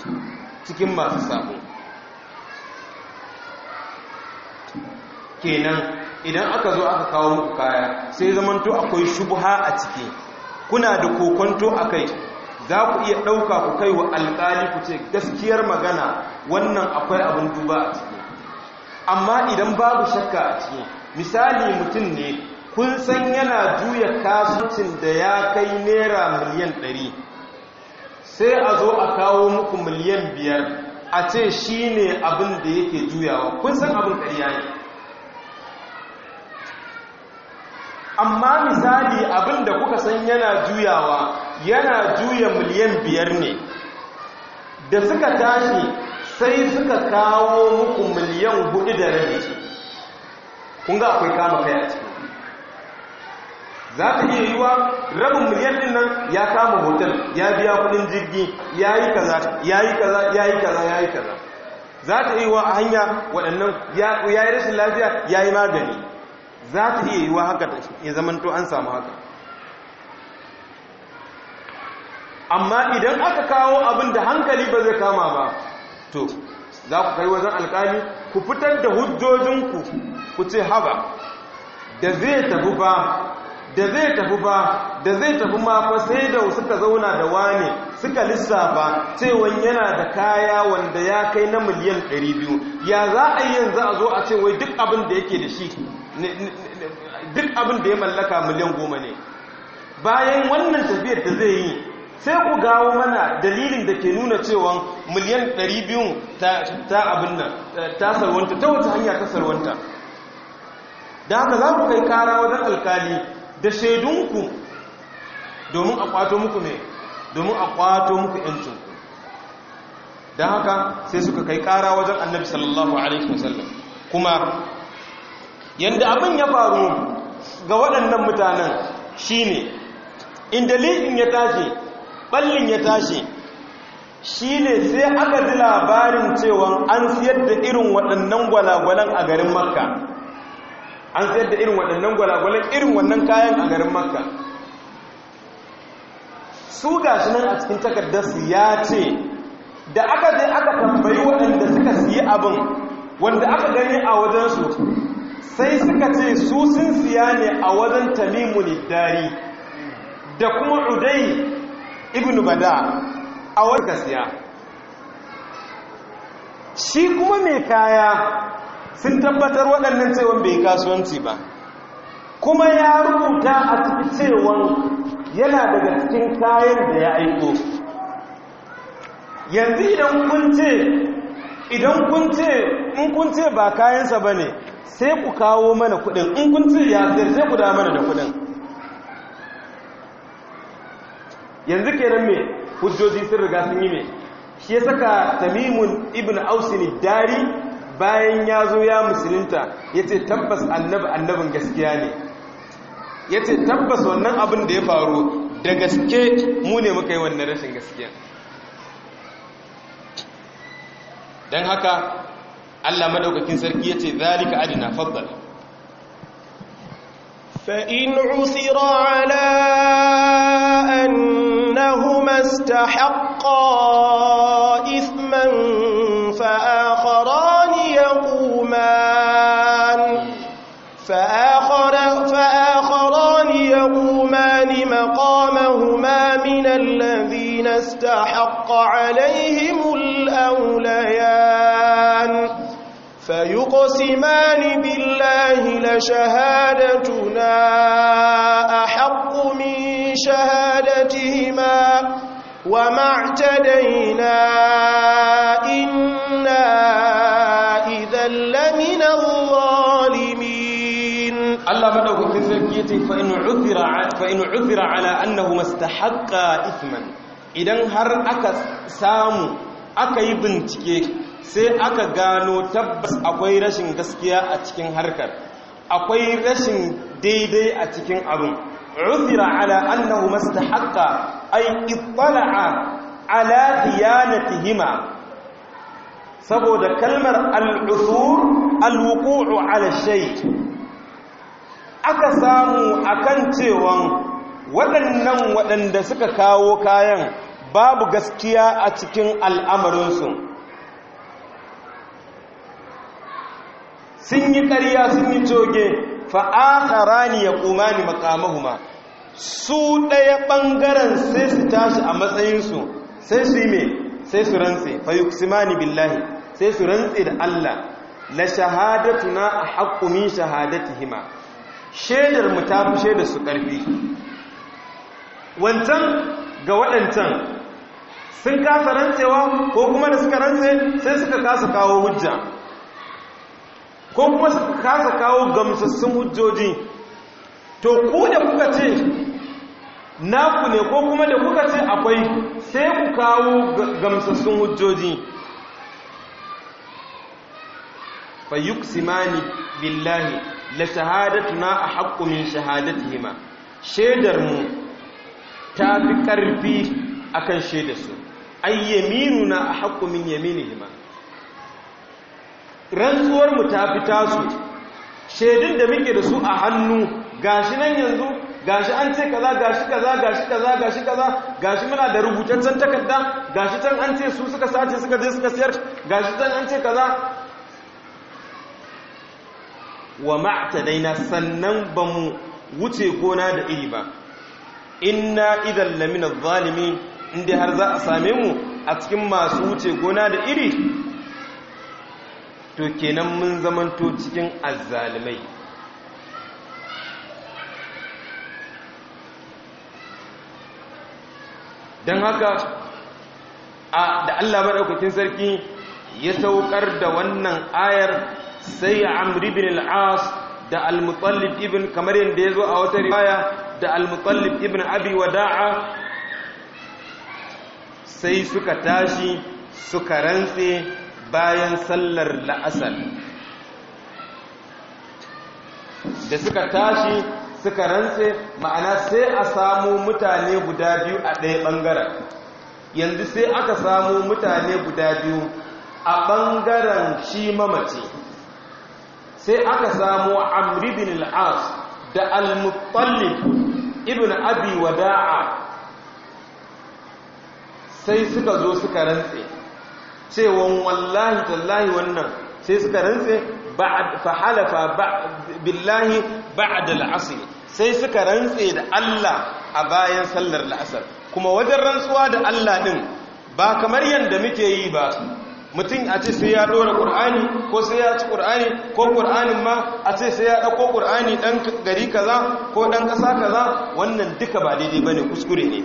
cikin masu sabo kenan idan aka zo aka kawo muku kaya sai zamanto akwai shubha a ciki kuna da kokonto a kai za ku iya ɗauka ku kai wa alƙali ku ce gaskiyar magana wannan akwai abin duba a ciki amma idan babu shakka a ciki misali mutum ne kun san yana juya kasuwancin da ya kai naira miliyan ɗari sai a zo a kawo muku miliyan biyar a ce shine abin da yake juyawa kun san abin ƙarya ne amma misali abin da kuka san yana juyawa yana juya miliyan biyar ne da suka tashi sai suka kawo muku miliyan hudu da rai kun ga akwai kama kai a ciki za ta iya yiwa rabin miliyan din nan ya kama hotel ya biya kudin jirgi ya yi kaza ya yi kaza ya yi kaza ya yi kaza za ta iya yiwa a hanya waɗannan ya yi rashin lafiya ya yi magani za ta iya wa haka ya zamanto an samu haka amma idan aka kawo abin da hankali ba zai kama ba to za ku kai wajen alkali ku fitar da hujjojinku ku ce haba da zai tafi ba da zai tafi ba da zai tafi mafa sai da suka zauna da wane suka lissafa cewa yana da kaya wanda ya kai na miliyan 200 ya za a yi yanzu a zo a ce wai duk abin da yake da shi duk abin da ya mallaka miliyan goma ne bayan wannan tafiyar da zai yi sai ku gawo mana dalilin da ke nuna cewa miliyan 200 ta abin nan ta sarwanta ta wata hanya ta sarwanta da haka za ku kai kara wajen alkali da shaidunku domin a kwato muku ne domin a kwato muku yancinku da haka sai suka kai kara wajen annabi sallallahu alaihi wasallam kuma Yadda abin ya faru ga waɗannan mutanen shine in dalilin ya tashi ɓallin ya tashi shine sai aka ji labarin cewa an siyar da irin waɗannan gwalagwalan a garin makka an siyar da irin waɗannan gwalagwalan irin wannan kayan a garin makka su gashi nan a cikin takardarsu ya ce da aka je aka tambayi waɗanda suka siye abin wanda aka gani a wajensu sai suka ce su sun siya ne a wajen talimun dari da kuma udai ibn bada a wajen siya shi kuma mai kaya sun tabbatar waɗannan cewon bai kasuwanci ba kuma ya rubuta a cikin cewon yana daga cikin kayan da ya aiko yanzu idan kun ce idan kun ce ba kayansa ba ne sai ku kawo mana kudin in kun ci ya sayar sai ku da mana da kudin yanzu kenan me hujjoji sun riga sun yi me shi ya saka tamimun ibn ausin dari bayan ya zo ya musulunta ya ce tabbas annabin gaskiya ne ya ce tabbas wannan abin da ya faru da gaske mu ne muka yi wannan rashin gaskiya don haka Allah madaukakin sarki yace zalika adina faddal fa in usira ala annahuma istahaqqa ithman fa akharan yaquman fa akhara fa akharan yaquman maqamahuma min alladhina istahaqqa alayhim awliya فيقسمان بالله لشهادتنا أحق من شهادتهما وما اعتدينا إنا إذا لمن الظالمين الله مدعوك في ذكيته فإن عثر, فإن عثر على أنهما استحقا إثما إذن هر أكا سامو أكا يبنتكي sai aka gano tabbas akwai rashin gaskiya a cikin harkar akwai rashin daidai a cikin abin rufira ala annahu mastahaqqa ay ittala'a ala khiyanatihima saboda kalmar al'usur alwuku'u ala aka samu akan cewan waɗannan waɗanda suka kawo kayan babu gaskiya a cikin al'amarinsu sun yi ƙariya sun yi coge fa'akara ya kuma ni makamahuma su ɗaya ɓangaren sai su tashi a matsayinsu sai su yi mai sai su rantse fayuksimani billahi sai su rantse da Allah la shahadatu na a haƙƙumin hima? shaidar mu ta fi shaidar su ƙarfi wancan ga waɗancan sun kasa rantsewa ko kuma da suka rantse sai suka kasa kawo hujja ko kuma su kasa kawo gamsassun hujjoji to ku da kuka ce naku ne ko kuma da kuka ce akwai sai ku kawo gamsassun hujjoji fa yuqsimani billahi la shahadatuna ahqqu min shahadatihima shaidar mu ta fi karfi akan shedar su ayyaminuna ahqqu min yaminihima rantsuwarmu ta fi tasu shaidun da muke da su a hannu gashi nan yanzu gashi an ce kaza gashi kaza gashi kaza gashi kaza gashi muna da san takarda gashi can an ce su suka sace suka je suka siyar gashi can an ce kaza wa ma'tadaina sannan bamu wuce gona da iri ba inna idan lamina zalimi inda har za a same mu a cikin masu wuce gona da iri to kenan mun zamanto cikin azzalimai don haka a da Allah maɗaukakin sarki ya saukar da wannan ayar sai amr bin al da al-mutallib ibn kamar yadda ya zo a wata riwaya da al-mutallib ibn abi wada'a sai suka tashi suka rantse bayan sallar la'asar da suka tashi suka rantse ma'ana sai a samu mutane guda biyu a ɗaya ɓangaren yanzu sai aka samu mutane guda biyu a ɓangaren shi mamaci sai aka samu amribin al'as da al-muttalib ibn abi wada'a sai suka zo suka rantse cewan wallahi tallahi wannan sai suka rantse fa halafa billahi ba'da al'asr sai suka rantse da Allah a bayan sallar al'asr kuma wajen rantsuwa da Allah din ba kamar yanda muke yi ba mutum a ce sai ya ɗora ƙur'ani ko sai ya ci ƙur'ani ko qur'anin ma a ce sai ya ɗauko ƙur'ani ɗan gari kaza ko ɗan ƙasa kaza wannan duka ba daidai ba kuskure ne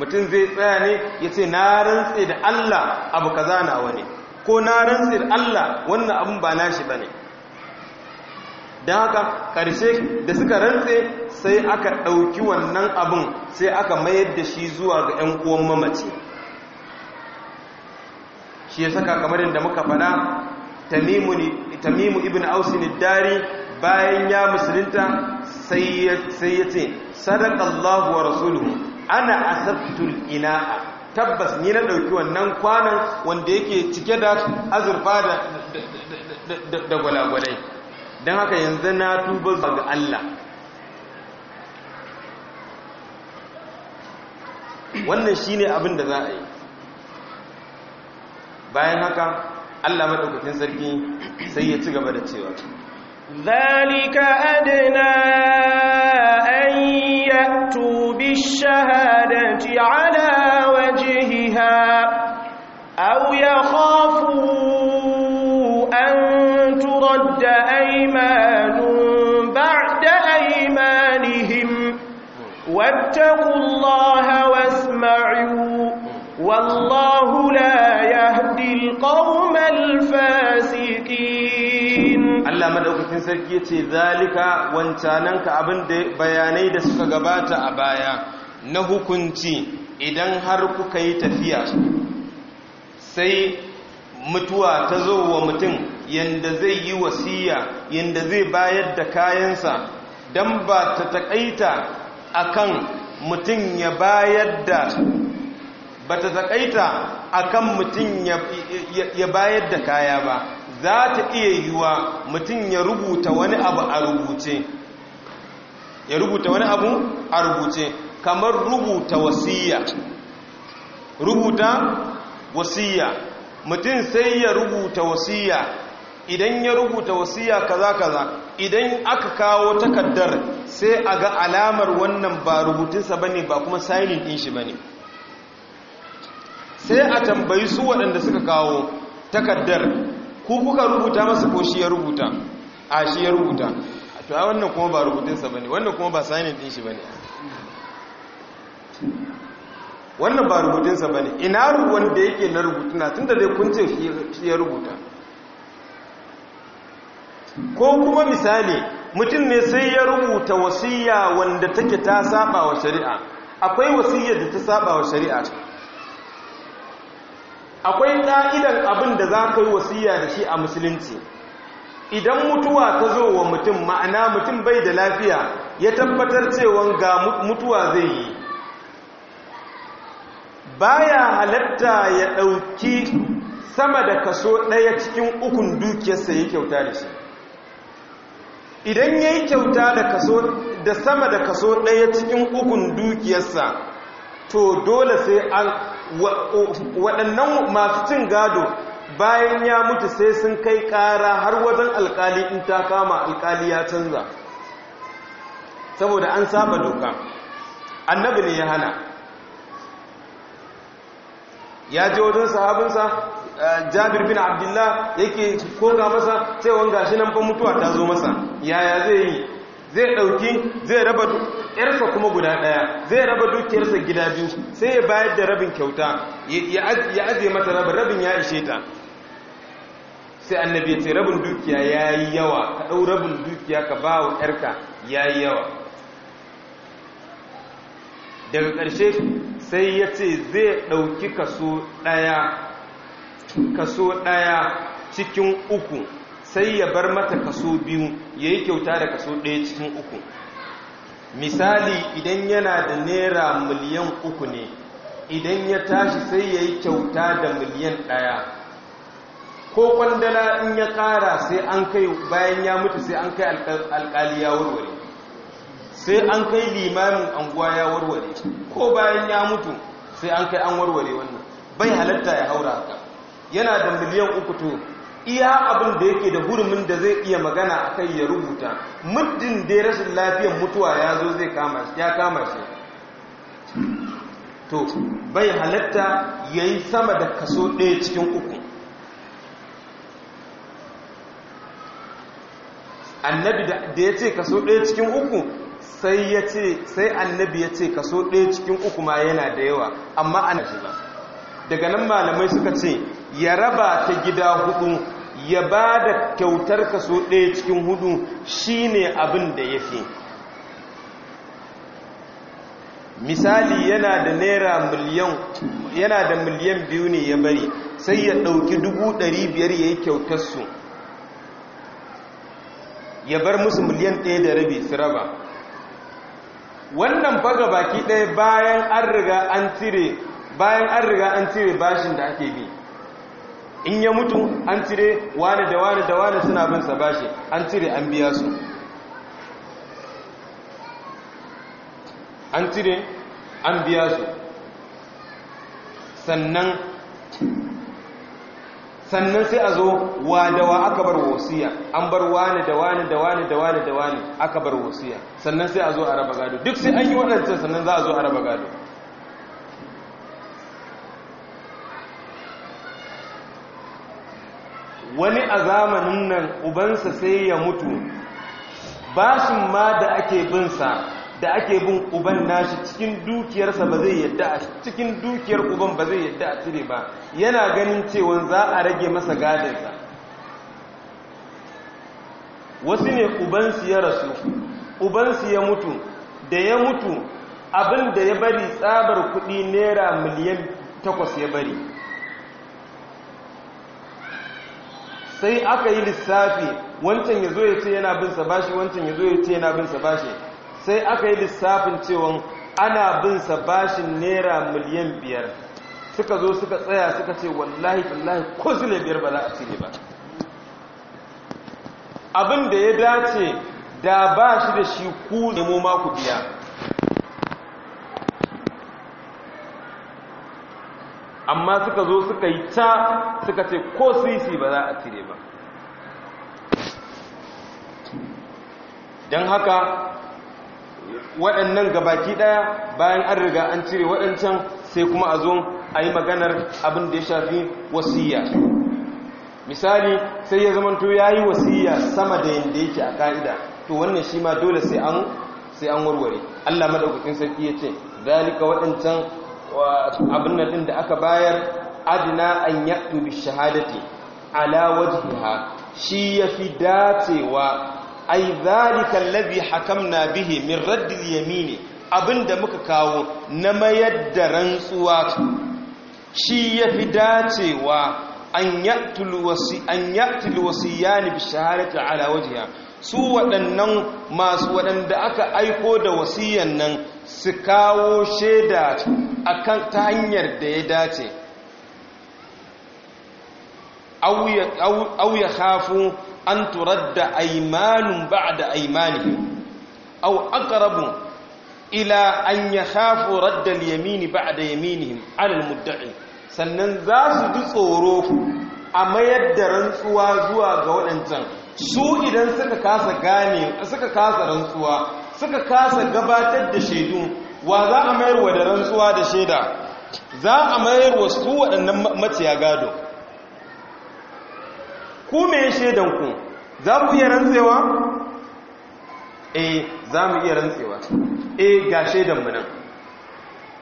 mutum zai tsaya ne ya ce na rantse da Allah abu ka na wani ko na rantse da Allah wannan abin ba nashi ne don haka ƙarshe da suka rantse sai aka ɗauki wannan abin sai aka mayar da shi zuwa ga 'yan uwan mamaci shi ya saka kamar yadda muka faɗa tamimu ibn ausin dari bayan ya musulunta sai ya ce sadakallahu wa rasuluhu ana asabtul ina tabbas ni na ɗauki wannan kwanan wanda yake cike da azurfa da gwalagwalai don haka yanzu na tuba ga Allah wannan shi ne abin da za a yi bayan haka Allah maɗaukakin sarki sai ya ci gaba da cewa ذلك أدنى الشهادة على وجهها أو يخافوا أن ترد أيمان بعد أيمانهم واتقوا الله واسمعوا والله لا يهدي القوم الفاسقين الله مدaukakin sarki ذلك zalika wancananka بياني da bayanai da na hukunci idan har kuka yi tafiya sai mutuwa ta zo wa mutum yadda zai yi wasiya yadda zai bayar da kayansa don ba ta taƙaita a kan mutum ya bayar da ba ta taƙaita a kan mutum ya bayar da kaya ba za ta iya yiwa mutum ya rubuta wani abu a rubuce kamar rubuta wasiya rubuta wasiya mutum sai ya rubuta wasiya idan ya rubuta wasiya kaza kaza idan aka kawo takaddar sai a ga alamar wannan ba rubutunsa bane ba kuma signing din shi bane sai a tambayi su waɗanda suka kawo takaddar ku kuka rubuta masa ko shi ya rubuta a shi ya rubuta to a wannan kuma ba rubutunsa bane wannan kuma ba signing din shi bane wannan ba rubutunsa ba ne ina ruwan da yake na rubutuna tun da dai kuncin shi ya rubuta ko kuma misali mutum ne sai ya rubuta wasiya wanda take ta saba wa shari'a akwai wasiyar da ta saba wa shari'a akwai ƙa'idan abin da za ka yi wasiya da shi a musulunci idan mutuwa ta zo wa mutum ma'ana mutum bai da lafiya ya tabbatar cewa ga mutuwa zai yi baya halatta ya ɗauki sama da kaso ɗaya cikin ukun dukiyarsa ya kyauta da shi idan ya kyauta da sama da kaso ɗaya cikin ukun dukiyarsa to dole sai an waɗannan masu cin gado bayan ya mutu sai sun kai ƙara har wajen alkali in ta kama alkali ya canza saboda an saba doka annabi ne ya hana ya ji wajen sahabinsa eh, jabir bin abdullah yake koga masa sai wanga gashi nan fa mutuwa ta zo masa yaya zai yi zai dauki zai raba yarsa kuma guda ɗaya zai raba dukiyarsa gida biyu sai ya bayar da rabin kyauta ya ajiye mata rabin rabin ya ishe ta sai annabi ya ce rabin dukiya ya yi yawa ka dau rabin dukiya ka ba wa yarka yi yawa daga ƙarshe sai ya ce zai ɗauki kaso ɗaya cikin uku sai ya bar mata kaso biyu ya yi kyauta da kaso ɗaya cikin uku misali idan yana da naira miliyan uku ne idan ya tashi sai ya yi kyauta da miliyan ɗaya ko kwandala in ya ƙara sai an kai bayan ya mutu sai an kai alƙaliya wuri warware sai an kai limamin anguwa ya warware ko bayan ya mutu sai an kai an warware wannan bai halatta ya haura haka yana da miliyan uku to iya abin da yake da hurumin da zai iya magana a kai ya rubuta muddin da ya rashin lafiyan mutuwa ya zo zai ya kama shi to bai halatta ya yi sama da kaso ɗaya cikin uku annabi da ya ce kaso ɗaya cikin uku sai ya ce sai annabi ya ce kaso ɗaya cikin uku ma yana da yawa amma ana shi ba daga nan malamai suka ce ya raba ta gida hudu ya ba da kyautar kaso ɗaya cikin hudu shi ne abin da ya fi misali yana da naira miliyan yana da miliyan biyu ne ya bari sai ya ɗauki dubu ɗari biyar ya yi kyautarsu ya bar musu miliyan ɗaya da rabi su raba wannan faga baki ɗaya bayan an riga an cire bayan an riga an cire bashin da ake bi in ya mutu an cire wani da wani da wani suna bin sa bashi an cire an biya su an cire an biya su sannan sannan sai a zo wa da wa aka bar wasiya an bar wani da wani da wani da wani da wani aka bar wasiya sannan sai a zo a raba gado duk sai an yi waɗancan sannan za a zo a raba gado wani a zamanin nan ubansa sai ya mutu bashin ma da ake binsa da ake bin uban nashi cikin dukiyarsa ba zai yadda a cikin dukiyar uban ba zai yadda a cire ba yana ganin cewa za a rage masa gadinsa wasu ne ubansu ya rasu ubansu ya mutu da ya mutu abin da ya bari tsabar kudi naira miliyan takwas ya bari sai aka yi lissafi wancan ya zo ya ce yana bin sa bashi wancan ya zo ya ce yana bin sa bashi sai aka yi lissafin cewa ana bin sa bashin naira miliyan biyar suka zo suka tsaya suka ce wallahi wallahi ko su ne biyar ba za a cire ba abin da ya dace da ba shi da shi ku nemo ma ku biya amma suka zo suka yi ta suka ce ko sisi ba za a cire ba don haka waɗannan gabaki ɗaya bayan an riga an cire waɗancan sai kuma a zo a yi maganar abin da ya shafi wasiya misali sai ya zamanto ya yi wasiya sama da yadda yake a ka'ida to wannan shi ma dole sai an sai an warware allah maɗaukakin sarki ya ce zalika waɗancan abin nan ɗin da aka bayar adina an yaɗu bi shahadati ala wajhiha shi ya fi dacewa ai zalika allazi hakamna bihi min al yamini abinda muka kawo na mayar da rantsuwa shi yafi dacewa an yaqtul wasi an yaqtul wasiyani bi shahadati ala wajha su waɗannan masu waɗanda aka aiko da wasiyan nan su kawo shaida akan ta hanyar da ya dace aw ya khafu an turadda aymanun ba'da aymanihim aw aqrabu ila an yakhafu radda al-yamin ba'da yaminihim 'ala al-mudda'i sannan za su ji tsoro a mayar da rantsuwa zuwa ga waɗancan su idan suka kasa gane suka kasa rantsuwa suka kasa gabatar da shaidu wa za a mayar wa da rantsuwa da shaida za a mayar wa su waɗannan maciya gado ku me ya shaidan ku eh, za mu iya rantsewa E, eh, za mu iya rantsewa E, ga shaidan mu nan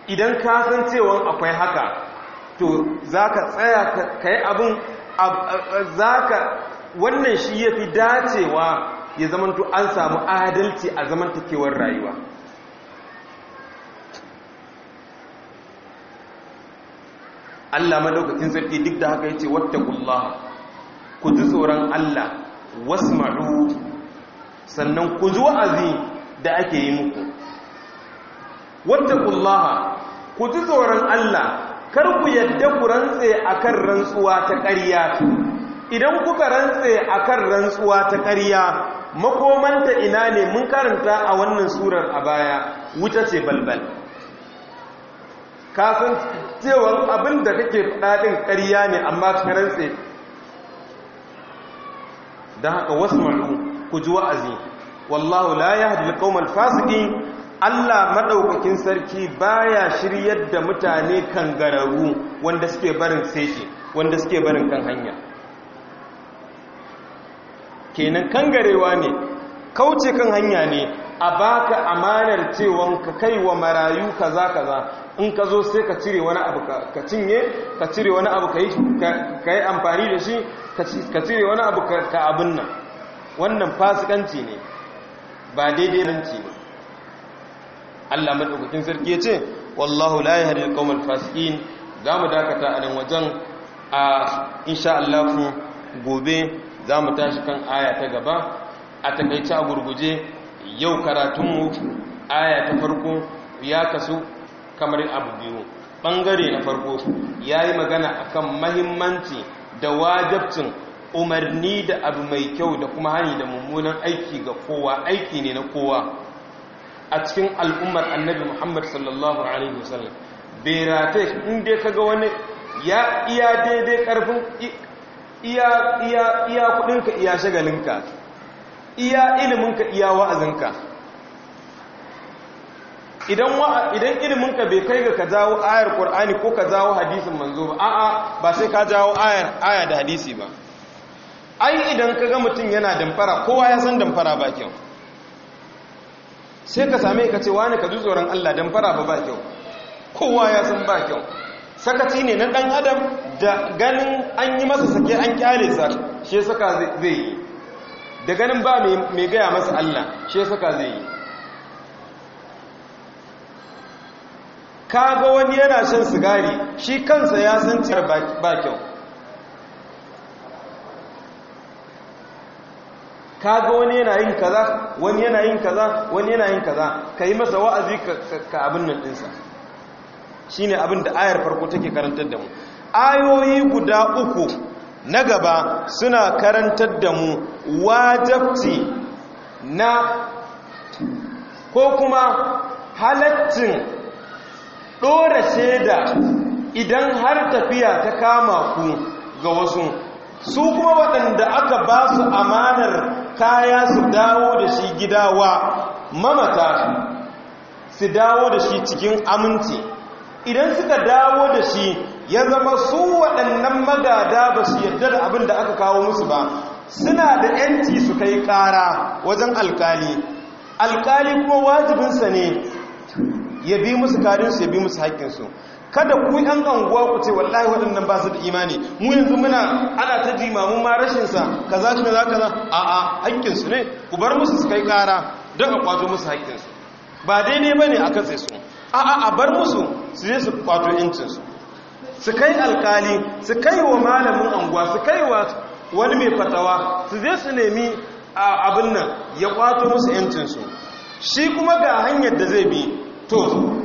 idan ka san cewa akwai haka to za ka tsaya ka yi abin za ka wannan shi ya fi dacewa ya zamanto an samu adalci a zamantakewar rayuwa Allah madaukakin sarki duk da haka yace wattaqullaha ku ji tsoron Allah wasma'u sannan ku ji wa'azi da ake yi muku Kullaha ku ji tsoron Allah kar ku yadda ku rantse a kan rantsuwa ta ƙarya idan kuka rantse a kan rantsuwa ta ƙarya makomanta ina ne mun karanta a wannan surar a baya wuta ce balbal kasan cewa abin da kake faɗaɗin ƙarya ne amma ka rantse don haka wasma'u ku ji wa'azi wallahu la haɗi alqawmal fasiki Allah maɗaukakin sarki baya shiryar da mutane kangararru wanda suke barin seshi wanda suke barin kan hanya kenan kan garewa ne kauce kan hanya ne a baka amanar cewa ka kai wa marayu kaza kaza in ka zo sai ka cire wani abu ka cinye ka cire wani abu ka yi amfani da shi ka cire wani abu ka abin nan wannan fasikanci ne ba daidai ranci ba Allah madaukakin sarki ya ce wallahu la yahdi al-qawmal fasiqin za mu dakata a nan wajen a insha Allah gobe za mu tashi kan aya ta gaba a takaice a gurguje yau karatunmu aya ta farko ya kasu kamar abu biyu ɓangare na farko ya yi magana akan mahimmanci da wajabcin umarni da abu mai kyau da kuma hani da mummunan aiki ga kowa aiki ne na kowa a cikin al'ummar annabi muhammad sallallahu alaihi wasallam berate inda ka ga wani ya iya daidai karfin iya kudinka iya shagalinka iya iliminka iya wa'azinka idan idan ilimin ka bai kai ga ka jawo ayar qur'ani ko ka jawo hadisin manzo ba a'a ba sai ka jawo ayar aya da hadisi ba ai idan ka ga mutum yana damfara kowa ya san damfara ba kyau sai ka same ka ce wani ka ji tsoron Allah damfara ba ba kyau kowa ya san ba kyau sakaci ne na dan adam da ganin an yi masa sake an kyale sa shi saka zai yi da ganin ba mai gaya masa Allah shi saka zai yi ka ga wani yana shan sigari shi kansa ya san ciyar ba kyau ka ga wani yana yin kaza wani yana yin kaza wani yana yin kaza ka yi masa wa'azi ka abin nan ɗinsa shi ne abin da ayar farko take karantar da mu ayoyi guda uku na gaba suna karantar da mu wajabci na ko kuma halattin ɗora shaida idan har tafiya ta kama ku ga wasu su kuma waɗanda aka ba su amanar kaya su dawo da shi gidawa mamata su dawo da shi cikin aminci idan suka dawo da shi ya zama su waɗannan magada ba su yadda da abin da aka kawo musu ba suna da ‘yanci su kai ƙara wajen alkali alkali kuma wajibinsa ne ya bi musu karinsu ya bi musu haƙƙinsu kada ku yi an unguwa ku ce wallahi waɗannan ba su da imani mu yanzu muna ana ta mu ma rashinsa kaza shi za za a a haƙƙinsu ne ku bar musu su kai ƙara don a kwato musu haƙƙinsu ba daidai ba ne a kan su a a a bar musu su je su kwato yancinsu su kai alkali su kai wa malamin anguwa su kai wa wani mai fatawa su je su nemi a abin nan ya kwato musu yancinsu shi kuma ga hanyar da zai bi to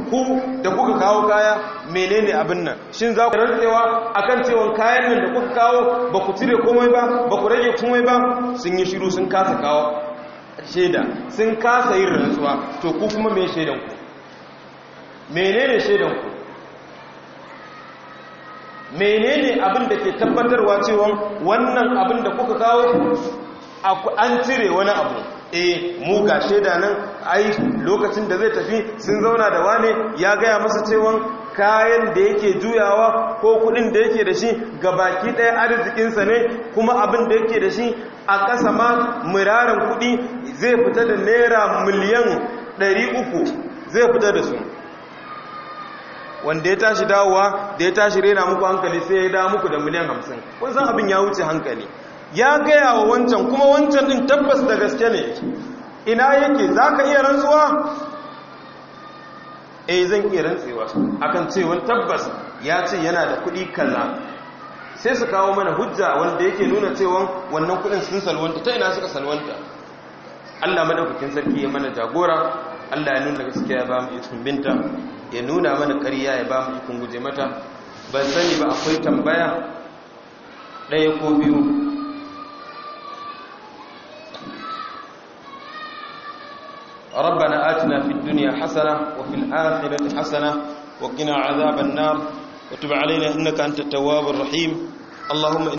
ku da kuka kawo kaya menene abin nan shin za ku rantsewa akan cewa kayan nan da kuka kawo ba ku cire komai ba ba ku rage komai ba sun yi shiru sun kasa kawo shaida sun kasa yin rantsuwa to ku kuma me shaidan ku menene shaidan ku menene abin da ke tabbatarwa cewa wannan abin da kuka kawo an cire wani abu eh mu ga sheda nan ai lokacin da zai tafi sun zauna da wane ya gaya masa cewa kayan da yake juyawa ko kudin da yake da shi ga baki ɗaya arzikinsa ne kuma abin da yake da shi a ƙasa ma muraran kudi zai fita da naira miliyan 300 zai fita da su wanda ya tashi dawowa da ya tashi rena muku hankali sai ya da muku da miliyan 50 kun san abin ya wuce hankali ya gaya wa wancan kuma wancan din tabbas da gaske ne ina yake za ka iya rantsuwa eh zan iya rantsewa akan cewa tabbas ya ce yana da kuɗi kaza sai su kawo mana hujja wanda yake nuna cewa wannan kuɗin sun salwanta ta ina suka salwanta Allah madaukakin sarki ya mana jagora Allah ya nuna gaskiya ya ba mu ikon binta ya nuna mana ƙarya ya ba mu ikon guje mata ban sani ba akwai tambaya ɗaya ko biyu ربنا آتنا في الدنيا حسنة وفي الآخرة حسنة وقنا عذاب النار وتب علينا إنك أنت التواب الرحيم اللهم